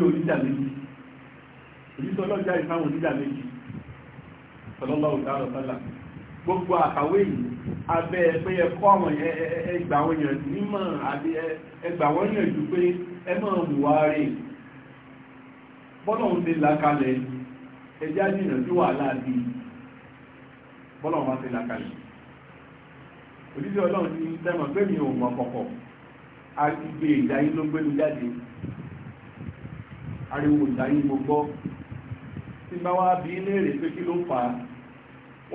kí méjì òjíṣẹ́ ọlọ́jà ìfáwọn oníjà méjì sallallahu ta'ala sallam gbogbo àkàwé yìí abẹ́ pé ẹkọ́ àwọn ẹgbà wọn yàn nímọ̀ àti ẹgbà wọn yàn jù pé ẹ mọ̀ wà rè bọ́lọ̀hún ti làkalẹ̀ ẹjá jìnà tí wà láàbí bọ́lọ̀hún wá ti làkalẹ̀ òjíṣẹ́ ọlọ́run ti tẹ́mọ̀ pé mi ò mọ̀ kọ̀kọ̀ àti gbé ìdáyín ló gbé mi jáde ariwo ìdáyín mo gbọ́ bá wá bí léèrè pé kí ló fà á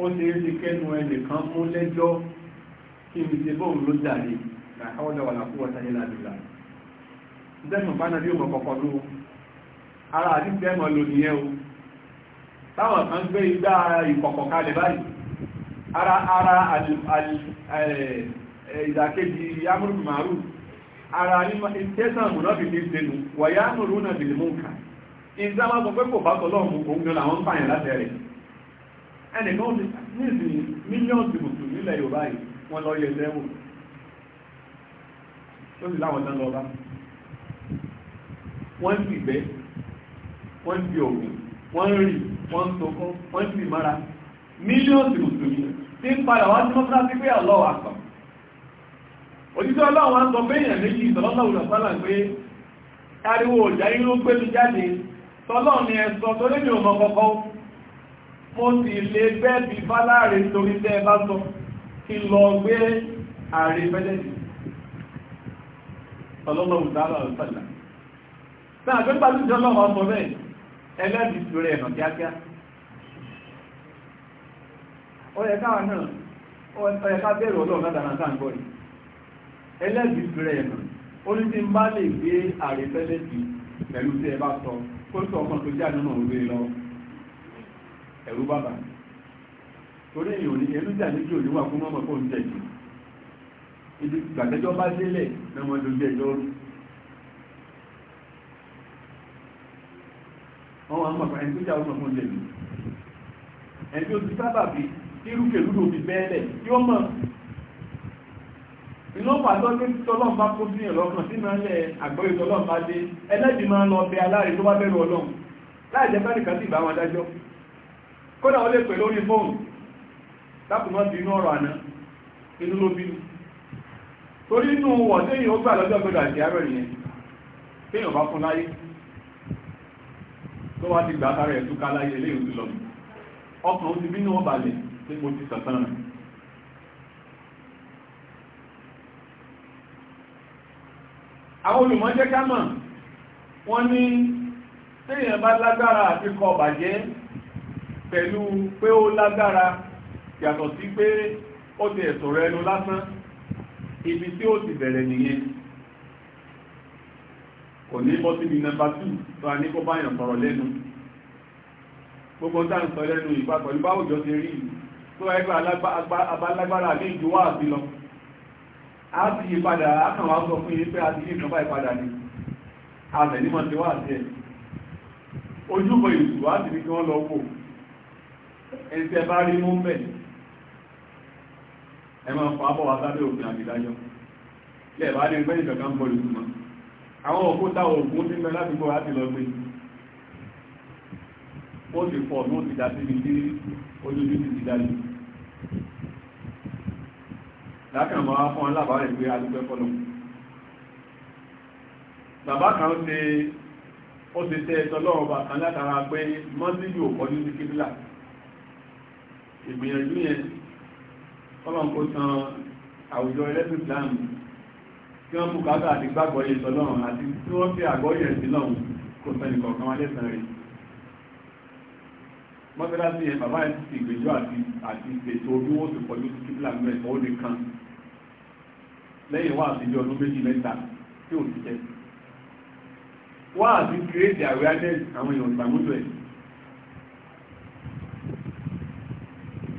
ó ṣe é ṣe kẹnu ẹnìkan mú lẹ́jọ́ kí n ṣe bóun ló jàre làkàwọ́dà wà lákú wọ́ta yẹ́ làbìlà dẹ́sùn bánà bí òun kọ̀kọ́ ló ara àti tẹ́mọ̀ lò nìyẹn o táwọn kan gbé igbá ìkọ̀kọ̀ kalẹ̀ báyìí ara ara ìdàkejì amúrùmàrù ara ní tẹ́sàn múnábìlì ṣe nù wọ̀yá múrùnà bìlì mú ìgbà wá sọ pé kò bá tọ́lọ́ mú òun gan làwọn ń pààyàn láti ẹ̀rẹ̀ ẹnìkan ti níìsì mílíọ̀nù mùsùlùmí nílẹ̀ Yorùbá yìí wọ́n lọ yẹ sẹ́wò ó sì láwọn tán lọ bá wọ́n ń gbìgbẹ́ wọ́n ń fi òògùn wọ́n ń rì wọ́n ń tokọ́ wọ́n ń fi mara mílíọ̀nù mùsùlùmí tí ń padà wá sí mọ́sálásí pé àlọ́ àkàn òtítọ́ ọlọ́run á sọ pé èèyàn méjì ìtọ́lọ́lọ́wọ́ lọ́sálà pé ariwo ìjà yín tọ́lọ́ ni ẹ̀sọ́ tó lé kọ́kọ́ mo ti lè bẹ́ bá fáláre torí tẹ́ ẹ bá sọ kí lọ gbé ààrẹ fẹ́lẹ́dì ọlọ́lọ́wù dára ọ̀sọ̀lá rẹ̀ ẹ̀nà kíákíá náà sáà rẹ̀ ẹ̀nà ó ní tí bá lè gbé ààrẹ pẹ̀lú tí ẹ bá sọ ó sọ ọkàn tó jáde náà wé lọ ẹ̀rú bàbà torí èyàn ní ẹnu jà méjì o níwà fún mọ́mọ́ fóun jẹ̀ jù ibi gbàtẹ́jọ́ bá délẹ̀ lọ́mọ lójú ẹjọ́ rú wọ́n wá ń mọ̀fà ẹni tó jà ọmọ fóun jẹ̀ ẹni tó ti sábà bí irúkèlúdò fi bẹ́ẹ̀lẹ̀ yóò mọ̀ iná pàtó ní tọ́lọ́m bá kó sí ìrọ̀kan sí máa lẹ àgbọ́yé tọ́lọ́m bá dé ẹlẹ́bì máa lọ bẹ aláàrí tó bá bẹ̀rù ọlọ́run láì jẹ́ fẹ́nìkan sí ìbá wọn dájọ́ kódà ó lè pè lórí fóònù lápùmọ́ bí inú ọ̀rọ̀ àná inú ló bínú torí inú wọ̀ tí èyàn gbà lọ́jọ́ gbọ́dọ̀ àti àárọ̀ ìyẹn tí èyàn bá fún láyé tó wá ti gbà sára ẹ̀ túká láyé eléyìí ó ti lọ ọkàn ó ti bínú ọ̀bàlẹ̀ pé mo ti sàtán rẹ̀ àwọn olùmọ́jẹ́ kámọ̀ wọ́n ní téèyàn bá lágbára àti kọ bàjẹ́ pẹ̀lú pé ó lágbára yàtọ̀ sí pé ó ti ẹ̀sùn rẹ̀ ẹnu lásán ibi tí ó ti bẹ̀rẹ̀ nìyẹn kò ní bọ́ síbi nọ́mbà tù tó a ní kó báyàn sọ̀rọ̀ lẹ́nu gbogbo tá ń sọ lẹ́nu ìgbà pẹ̀lú báwùjọ ti rí tó ẹgbẹ́ abálágbára àbí ìjọwọ́ àti lọ a ti yí padà akànwà sọ fún yí pé a ti yí ìjọba ìpadà ni àmẹ́ ní mọ̀tí wà sí ẹ̀ ojúbọ ìlú wá sí ní kí wọ́n lọ kò ẹ̀sẹ̀ bá rí mú bẹ̀ ẹ máa fọ abọ́ wa sábẹ́ òfin àgbìdájọ́ lẹ́ẹ̀ bá rí pẹ́yìn kankan bọ̀ ìlú mọ́ àwọn òkúta òògùn ti mẹ́ láti bọ̀ láti lọ gbé ó sì fọ̀ ní ó ti dá sí ibi tí ojú ti ti dá lákàn máa fún alábàárẹ̀ pé alúgbẹ́ fọ́lọ̀ bàbá kan ṣe ó ti tẹ́ ẹ̀tọ́ lọ́wọ́ bá kan látara pé mọ́sílù ò kọjú sí kíbílà ìgbìyànjú yẹn ọlọ́run kó tan àwùjọ ẹlẹ́sìn Islam tí wọ́n mú kátà àti gbàgbọ́ yẹn sọ lọ́run àti tí wọ́n fi àgọ́ yẹn sí lọ́run kò sẹ́ni kọ̀ọ̀kan wálé sàn rẹ̀ mọ́sálásí yẹn bàbá yẹn ti gbèjọ́ àti àti ètò bí wọ́n ti kọjú sí kíbílà mẹ́tọ́ ó nìkan lẹ́yìn wá àti ilé ọdún méjì mẹ́ta tí ò ti jẹ́ wá àti create awareness àwọn èèyàn ìgbàmójú ẹ̀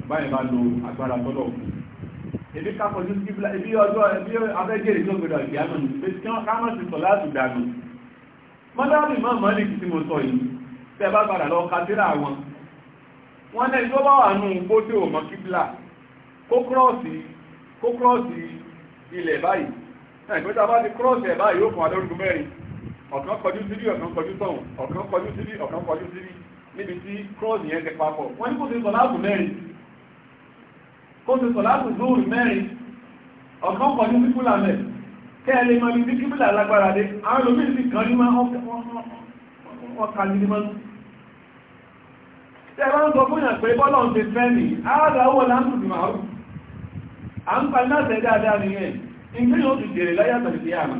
báyìí bá lo agbára tọ́lọ̀ òkun ebi kápọ̀jú sí ibi ọjọ́ ẹbí abẹ́gẹ̀rẹ̀ tó gbẹ̀dọ̀ ìgbà náà ní pé kí wọ́n ká mọ́ sí sọ láti dànù mọ́dáàbì mọ́ mọ́lì tí mo sọ yìí tẹ́ bá padà lọ kátírà wọn wọ́n lẹ́yìn tó bá wà nù gbó tí ò mọ́ kíbla kó kírọ́ọ̀sì ilẹ̀ báyìí ẹ̀gbẹ́ta bá ti cross ẹ̀ báyìí ó fún alórúkún mẹ́rin ọ̀kan kọjú síbí ọ̀kan kọjú sọ̀hún ọ̀kan kọjú síbí ọ̀kan kọjú síbí níbi tí cross yẹn ti papọ̀ wọ́n ní kó ti sọ láàbù mẹ́rin kó ti sọ láàbù zóòrù mẹ́rin ọ̀kan kọjú sí fúlà mẹ́ kẹ́ẹ̀lẹ́ máa bí kíbílà lágbára dé àwọn olómìnir sì kan ní máa wọ́n kà ní máa tẹ́ bá ń sọ fún ìyàn pé bọ́lọ̀ ń ti fẹ́ nì áàdà owó láńtù à ń pa náà tẹ́ dáadáa nìyẹn ìgbé yóò ti jèrè láyé àtàlìkì àmà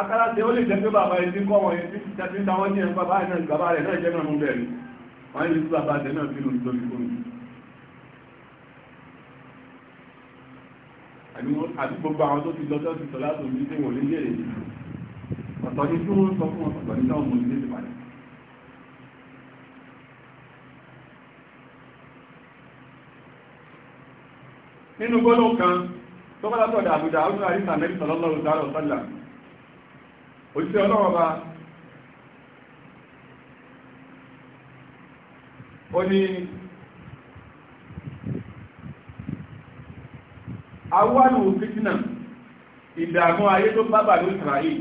akara tẹ́ ó lè jẹ́ pé bàbá ẹni kọ́ wọn ẹni tí táwọn jẹ́ bàbá ẹ̀ náà bàbá rẹ̀ náà jẹ́ náà mú bẹ̀rẹ̀ wọ́n yìí tí bàbá tẹ́ náà sínú nítorí fóònù àti gbogbo àwọn tó ti lọ́tọ́ ti sọ látòmí tí wọ́n lè jèrè ọ̀tọ̀ ni tí wọ́n sọ fún ọ̀tọ̀ ní táwọn mọ̀ nínú gbọ́nà kan tó bá látọ̀dà àbúdà ó ní àríkà mẹ́rin sọ̀lọ́lọ́rù dáàrọ̀ sọ́là òṣìṣẹ́ ọlọ́wọ́ bá ó ayé tó bábà ní Israel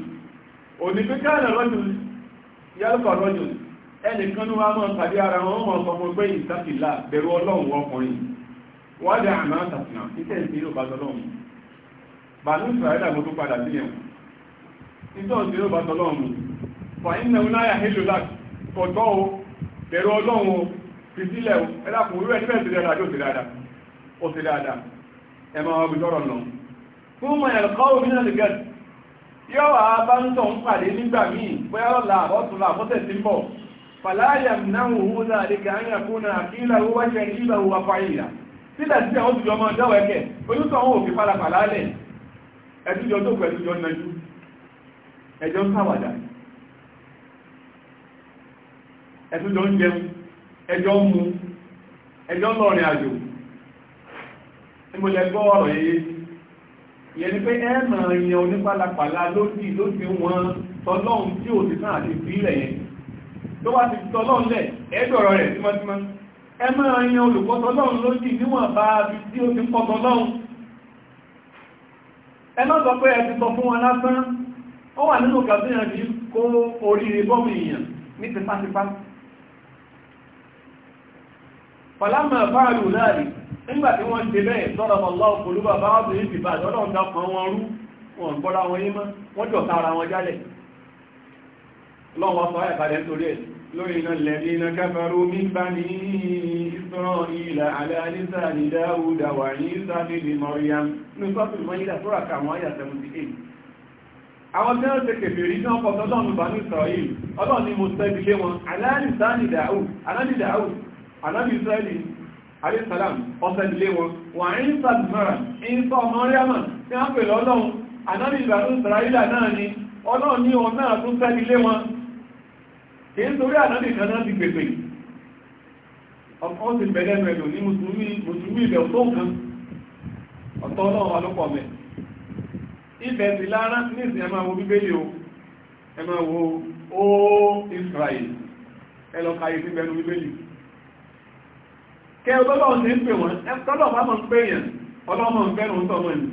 òní rọ́jù yálùkọ̀ rọ́jù ní wọ́n mọ̀ ara wọn mọ̀ ọkọ̀ pé ìsáfìlà bẹ̀rù ọlọ́run ọkùnrin wọ́n dẹ̀ àmà àtàfihà títẹ̀ ìpínlẹ̀ òbátọ́lọ́mù bàánú ìsìnàílà mú tó padà sí ẹ̀wọ̀n títọ́ ìpínlẹ̀ òbátọ́lọ́mù wà nínú náyà hélò lákọ̀ọ́tọ́ o bẹ̀rù ọlọ́run fìsílẹ̀ ẹ̀dàkùn orí ẹ̀díbẹ̀ sí dáadáa tó sí dáadáa ó sí dáadáa ẹ máa wọ́n gbìtọ́rọ̀ lọ fún mọ̀ ẹ̀kọ́ òmìnira lè gẹ̀ yọ́ wà á bá ń tọ̀ ń pàdé nígbà míì bóyá ọ̀la àbọ̀túnla àbọ̀tẹ̀ sí ń bọ̀ fàlàyà náà wò ó dáadé kí á yàn fún náà kí ìlà owó wájú ẹni ìlà owó apá ìlà sílẹ̀ sí àwọn òjòjò ọmọ ọjọ́ ẹ̀kẹ́ onítọ̀ àwọn òfin palapàlá lẹ̀ ẹ̀tújọ tó pẹ̀lú jọ nájú ẹjọ́ ń ṣàwàdà ẹ̀tújọ ń jẹun ẹjọ́ ń mu ẹjọ́ ń lọ́rin àjò ìmọ̀lẹ̀ gbọ́ ọ̀rọ̀ yẹyẹ ìyẹn ni pé ẹ̀ẹ̀mọ̀ ìyẹn onípalapàlá lódì lódì wọn tọlọ́hun tí ò ti sáà ti fi ilẹ̀ yẹn tó wá ti tọlọ́hun lẹ̀ ẹ̀ẹ́dọ̀rọ̀ rẹ̀ tímọ́tímọ́ ẹ máa yan olùkọ́tọ́lọ́run lójì níwọ̀n bá bí tí ó ti ń pọ́tọ́lọ́run ẹ má sọ pé ẹ ti sọ fún wọn lásán ó wà nínú kàbíyàn kì í kó oríire bọ́mù èèyàn ní tipátipá pàlámà fáàlù láàrin nígbà tí wọ́n ṣe bẹ́ẹ̀ lọ́rọ̀ ọlọ́run pẹ̀lú bàbá ọdún yìí bìbà lọ́dọ̀ dákan wọn rú wọn gbọ́ra wọn yé mọ́ لعن الذين كفروا من بني إسرائيل على لسان داود وعيسى بن مريم نصف الميلة ترى كما هي 78 àwọn tí wọ́n ṣe kèfèrí náà pọ̀ tọ́lọ́nù bá ní Israel ọlọ́ni mo tẹ́bi lé wọn aláàrìsáàlì Dáúdù aláàrì Dáúdù aláàrì Israeli wọn wà ní sàtìmọ́ra ní sọ ọmọ ríàmà tí wọ́n pè lọ́lọ́run kìí torí ànábì kan náà ti pèpè ọkọ̀ ti pẹ̀lẹ́ pẹ̀lú ní mùsùlùmí ibẹ̀ tó nǹkan ọ̀tọ̀ náà wà lópọ̀ mẹ́ ibẹ̀ ti lára nísì ẹ máa wo bíbélì o ẹ máa wo ó Israel ẹ lọ kàyè sí pẹ̀lú bíbélì kẹ ọlọ́lọ́ ti ń pè wọ́n ẹ̀kọ́lọ́ bá mọ̀ ń pè yàn ọlọ́mọ ń fẹ́ràn ń tọ́mọ̀ ni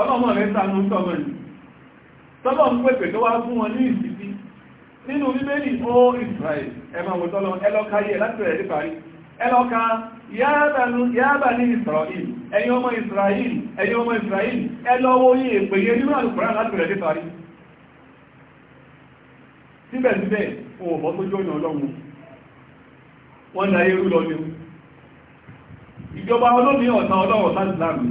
ọlọ́mọ rẹ̀ sànú ń tọ́mọ̀ nínú bíbélì ó Israel ẹmọ òtọ́lọ ẹlọ́kayé láti rẹ̀ níparí ẹlọ́ka yáàbà ní Israel ẹ̀yin ọmọ Israel ẹ̀yin ọmọ Israel ẹlọ́wọ́ yí èpèyẹ nínú àlùkùrán láti rẹ̀ níparí síbẹ̀síbẹ̀ òòbọ́ tó jóyàn ọlọ́run wọ́n láyé rú lọ ní ìjọba olómi ọ̀tá ọlọ́rọ̀ láti láàrin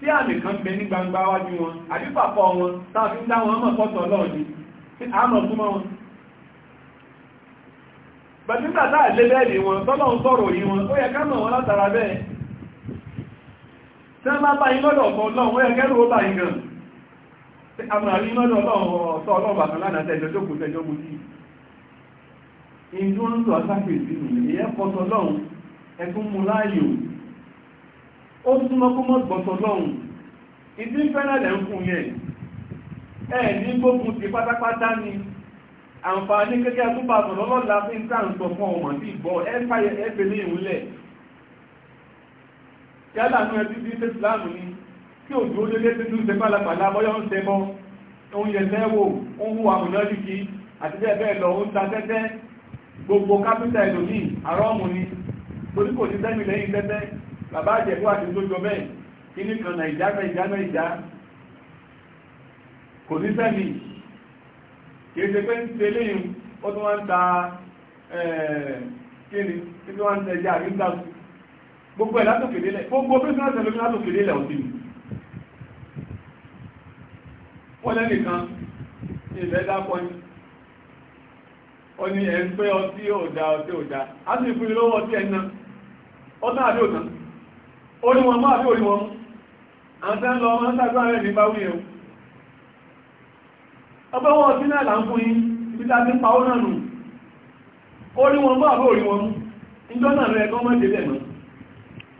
tí àmì kan bẹ ní gbangba wájú wọn àbí pàpọ̀ wọn fi ń dá wọn mọ̀ pọ̀tọ̀ ọlọ́ọ̀ni àmọ̀ súnmọ́ wọn bàtíńtà táà lé wọn tọ́lọ̀ sọ́rọ̀ sọ̀rọ̀ wọn ó yẹ ká wọn látara bẹ́ẹ̀ tí lọ́dọ̀ ọ̀tọ̀ ó gan àmàrí lọ́dọ̀ ọ̀tọ̀ ó súnmọ́ kó mọ́ gbọ̀ntọ̀ lọ́hùn ìdí fẹ́rẹ̀lẹ̀ ń fún yẹn ẹ̀ ní gbógun ti pátápátá ni àǹfààní kékeré àtúbà tọ̀lọ́lọ́ la fi ń ká ń sọ fún ọmọ sí ìgbọ́ ẹ́fẹ́lẹ́ ìwúlẹ̀ yálà ní ẹbí bí ṣe ìsìláàmù ni kí ò dúró lélé tí ó ń ṣe pálapàla bọ́yọ́ ń ṣe bọ́ òun yẹ sẹ́wò ń hu àmúlọ́dìkì àti bẹ́ẹ̀ bẹ́ẹ̀ lọ ń ta tẹ́tẹ́ gbogbo kápítà ẹlòmíì àrọ́ọ̀mù ni torí kò sí sẹ́mi lẹ́yìn tẹ́tẹ́ bàbá àjẹ̀kú àti lójọ bẹ́ẹ̀ kí ní kan nàìjá nàìjá nàìjá kò ní sẹ́mi kìí ṣe pé ń ṣe léyìn ó tún wọ́n ń ta kíni tí wọ́n ń tẹ̀já àrí ń dáhùn gbogbo ẹ̀ látòkèdè lẹ̀ gbogbo bí wọ́n tẹ̀lé látòkèdè lẹ̀ òsì mi wọ́n lẹ́nìkan ìfẹ́ dápọ̀ ní ọ ní ẹ̀ ń pẹ́ ọtí òdà ọtí òdà á sì fún ilé owó ọtí ẹ̀ náà ọtí àdé òdà oríwọn máa bí oríwọn mú àti ń lọ ọmọ sáàgbà rẹ̀ ní bá wíyẹ̀ ọgbẹ́ wọn sí náà là ń fún yí ibi tá ti ń pa ó náà nù oríwọn máa bí oríwọn mú ìjọ náà rẹ̀ ẹ̀kọ́ mọ́ délẹ̀ mọ́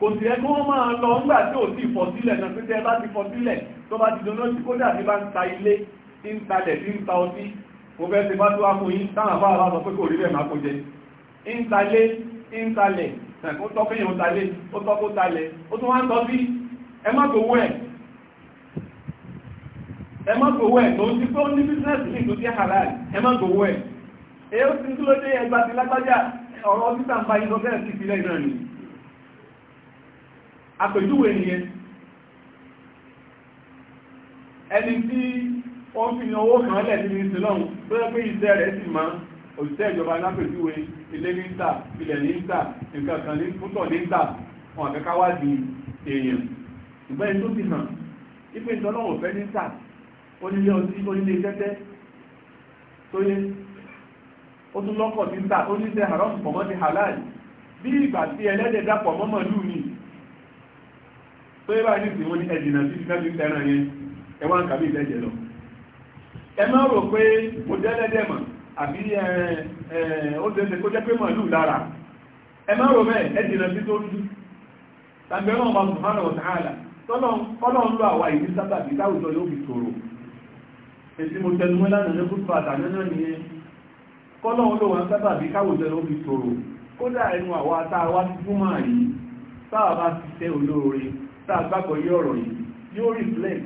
kò sí ẹ̀kọ́ wọn máa lọ ńgbà tí ò sí ìfọ̀sílẹ̀ náà pété ẹ bá ti fọ̀sílẹ̀ tó bá ti dọ́nà tí kódà ti bá ń ta ilé tí ń talẹ̀ tí ń ta ọtí mo fẹ́ ti bá tó wá fún yí táwọn àbá àbá sọ pé kò rí bẹ́ẹ̀ máa kó jẹ ń talé ń talẹ̀ ó tọ́ kéèyàn talé ó tọ́ kó talẹ̀ ó tún wá ń tọ́ sí ẹ má gbowó ẹ̀ ẹ má gbowó ẹ̀ tó ń ti pé ó ní bísínẹ́sì ní ìtòsí halal ẹ má gbowó ẹ̀ èyí ó ti ń kílódé ẹgbà ti lágbájá ọ̀rọ̀ títà ń bá yín lọ́fẹ́ sí ìpínlẹ̀ náà ni àpèjúwe nìyẹn ẹni tí ó ń fi owó kan lẹ̀ nínú ìsìn lọ́hùn tó yẹ pé iṣẹ́ rẹ̀ sì máa òṣìṣẹ́ ìjọba lápèjúwe ilé ní ń nita ilẹ̀ ní nǹkan kan ní púpọ̀ di èèyàn ìgbẹ́ ti hàn ipe ìtọ́lọ́wọ̀ fẹ́ ní onílé ọtí onílé tẹ́tẹ́ tó yẹ ó tún lọ́kọ̀ ti ń tà pọ̀mọ́ ti halal bí ìgbà tí ẹlẹ́dẹ̀ mọ́mọ́ lù báyìí àbí ó tẹ́ẹ̀tẹ́ kó jẹ́ pé màálù lára ẹmọ́ rò mẹ́ ẹ̀dìnà sí tó dúdú tàbí ọlọ́run bá sùhánà ọ̀tàhálà tọ́lọ́run lọ àwà ìdí sábà bí táwùjọ yóò fi tòrò èsì mo tẹnu mọ́ lánàá ní kúrò àtàlẹ́nà nìyẹn kọ́lọ́run lọ wọn sábà bí táwùjọ yóò fi tòrò kódà ẹnu àwa tá a wá sí fúnmà yìí táà bá ti tẹ olóore táà gbàgbọ́ yí ọ̀rọ̀ yìí yóò reflect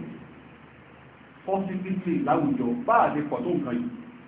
positively láwùjọ bá àdépọ̀ tó nǹkan yìí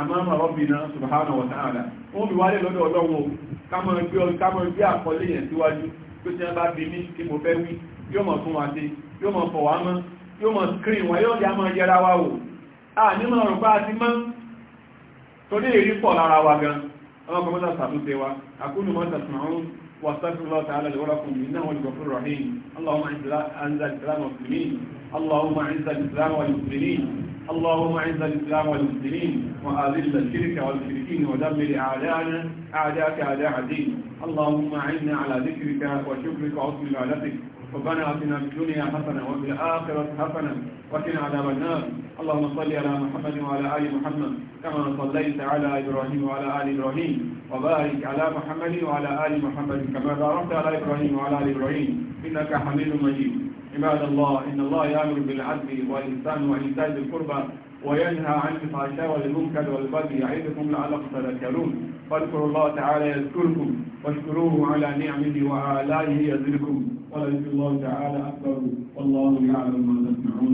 àmọ́mà rọ́bìnà subhanahu wa ta'ala wọ́n bí wálé lọ́dọ̀ ọlọ́wọ́ kámọ̀ gbé àkọlé yẹn síwájú tó ti bá bí ní kí mo fẹ́ wí yóò mọ̀ fún wa sí yóò mọ̀ fọ̀ wá mọ́ yóò mọ̀ screen wọn yóò dámọ̀ yẹra wá wò à nímọ̀ rọ̀pá àti mọ́ tó ní èrí pọ̀ lára wa gan ọmọkọ̀ mọ́ta sàtúnṣe wa àkúnnù mọ́ta sùnmọ́rún واستغفر الله تعالى لي ولكم انه هو الغفور الرحيم اللهم اعز الاسلام والمسلمين اللهم اعز الاسلام والمسلمين اللهم اعز الإسلام والمسلمين وأذل الشرك والشركين ودمر أعداءنا أعداءك أعداء الدين اللهم أعنا على ذكرك وشكرك وحسن عبادتك ربنا آتنا في الدنيا حسنة وفي الآخرة حسنة وقنا عذاب النار اللهم صل على محمد وعلى آل محمد كما صليت على إبراهيم وعلى آل إبراهيم وبارك على محمد وعلى آل محمد كما باركت على إبراهيم وعلى آل إبراهيم إنك حميد مجيد عباد الله إن الله يأمر بالعدل والإنسان وإيتاء ذي القربى وينهى عن الفحشاء والمنكر والبغي يعظكم لعلكم تذكرون فاذكروا الله تعالى يذكركم واشكروه على نعمه وآلائه يزدكم ولذكر الله تعالى أكبر والله يعلم ما تصنعون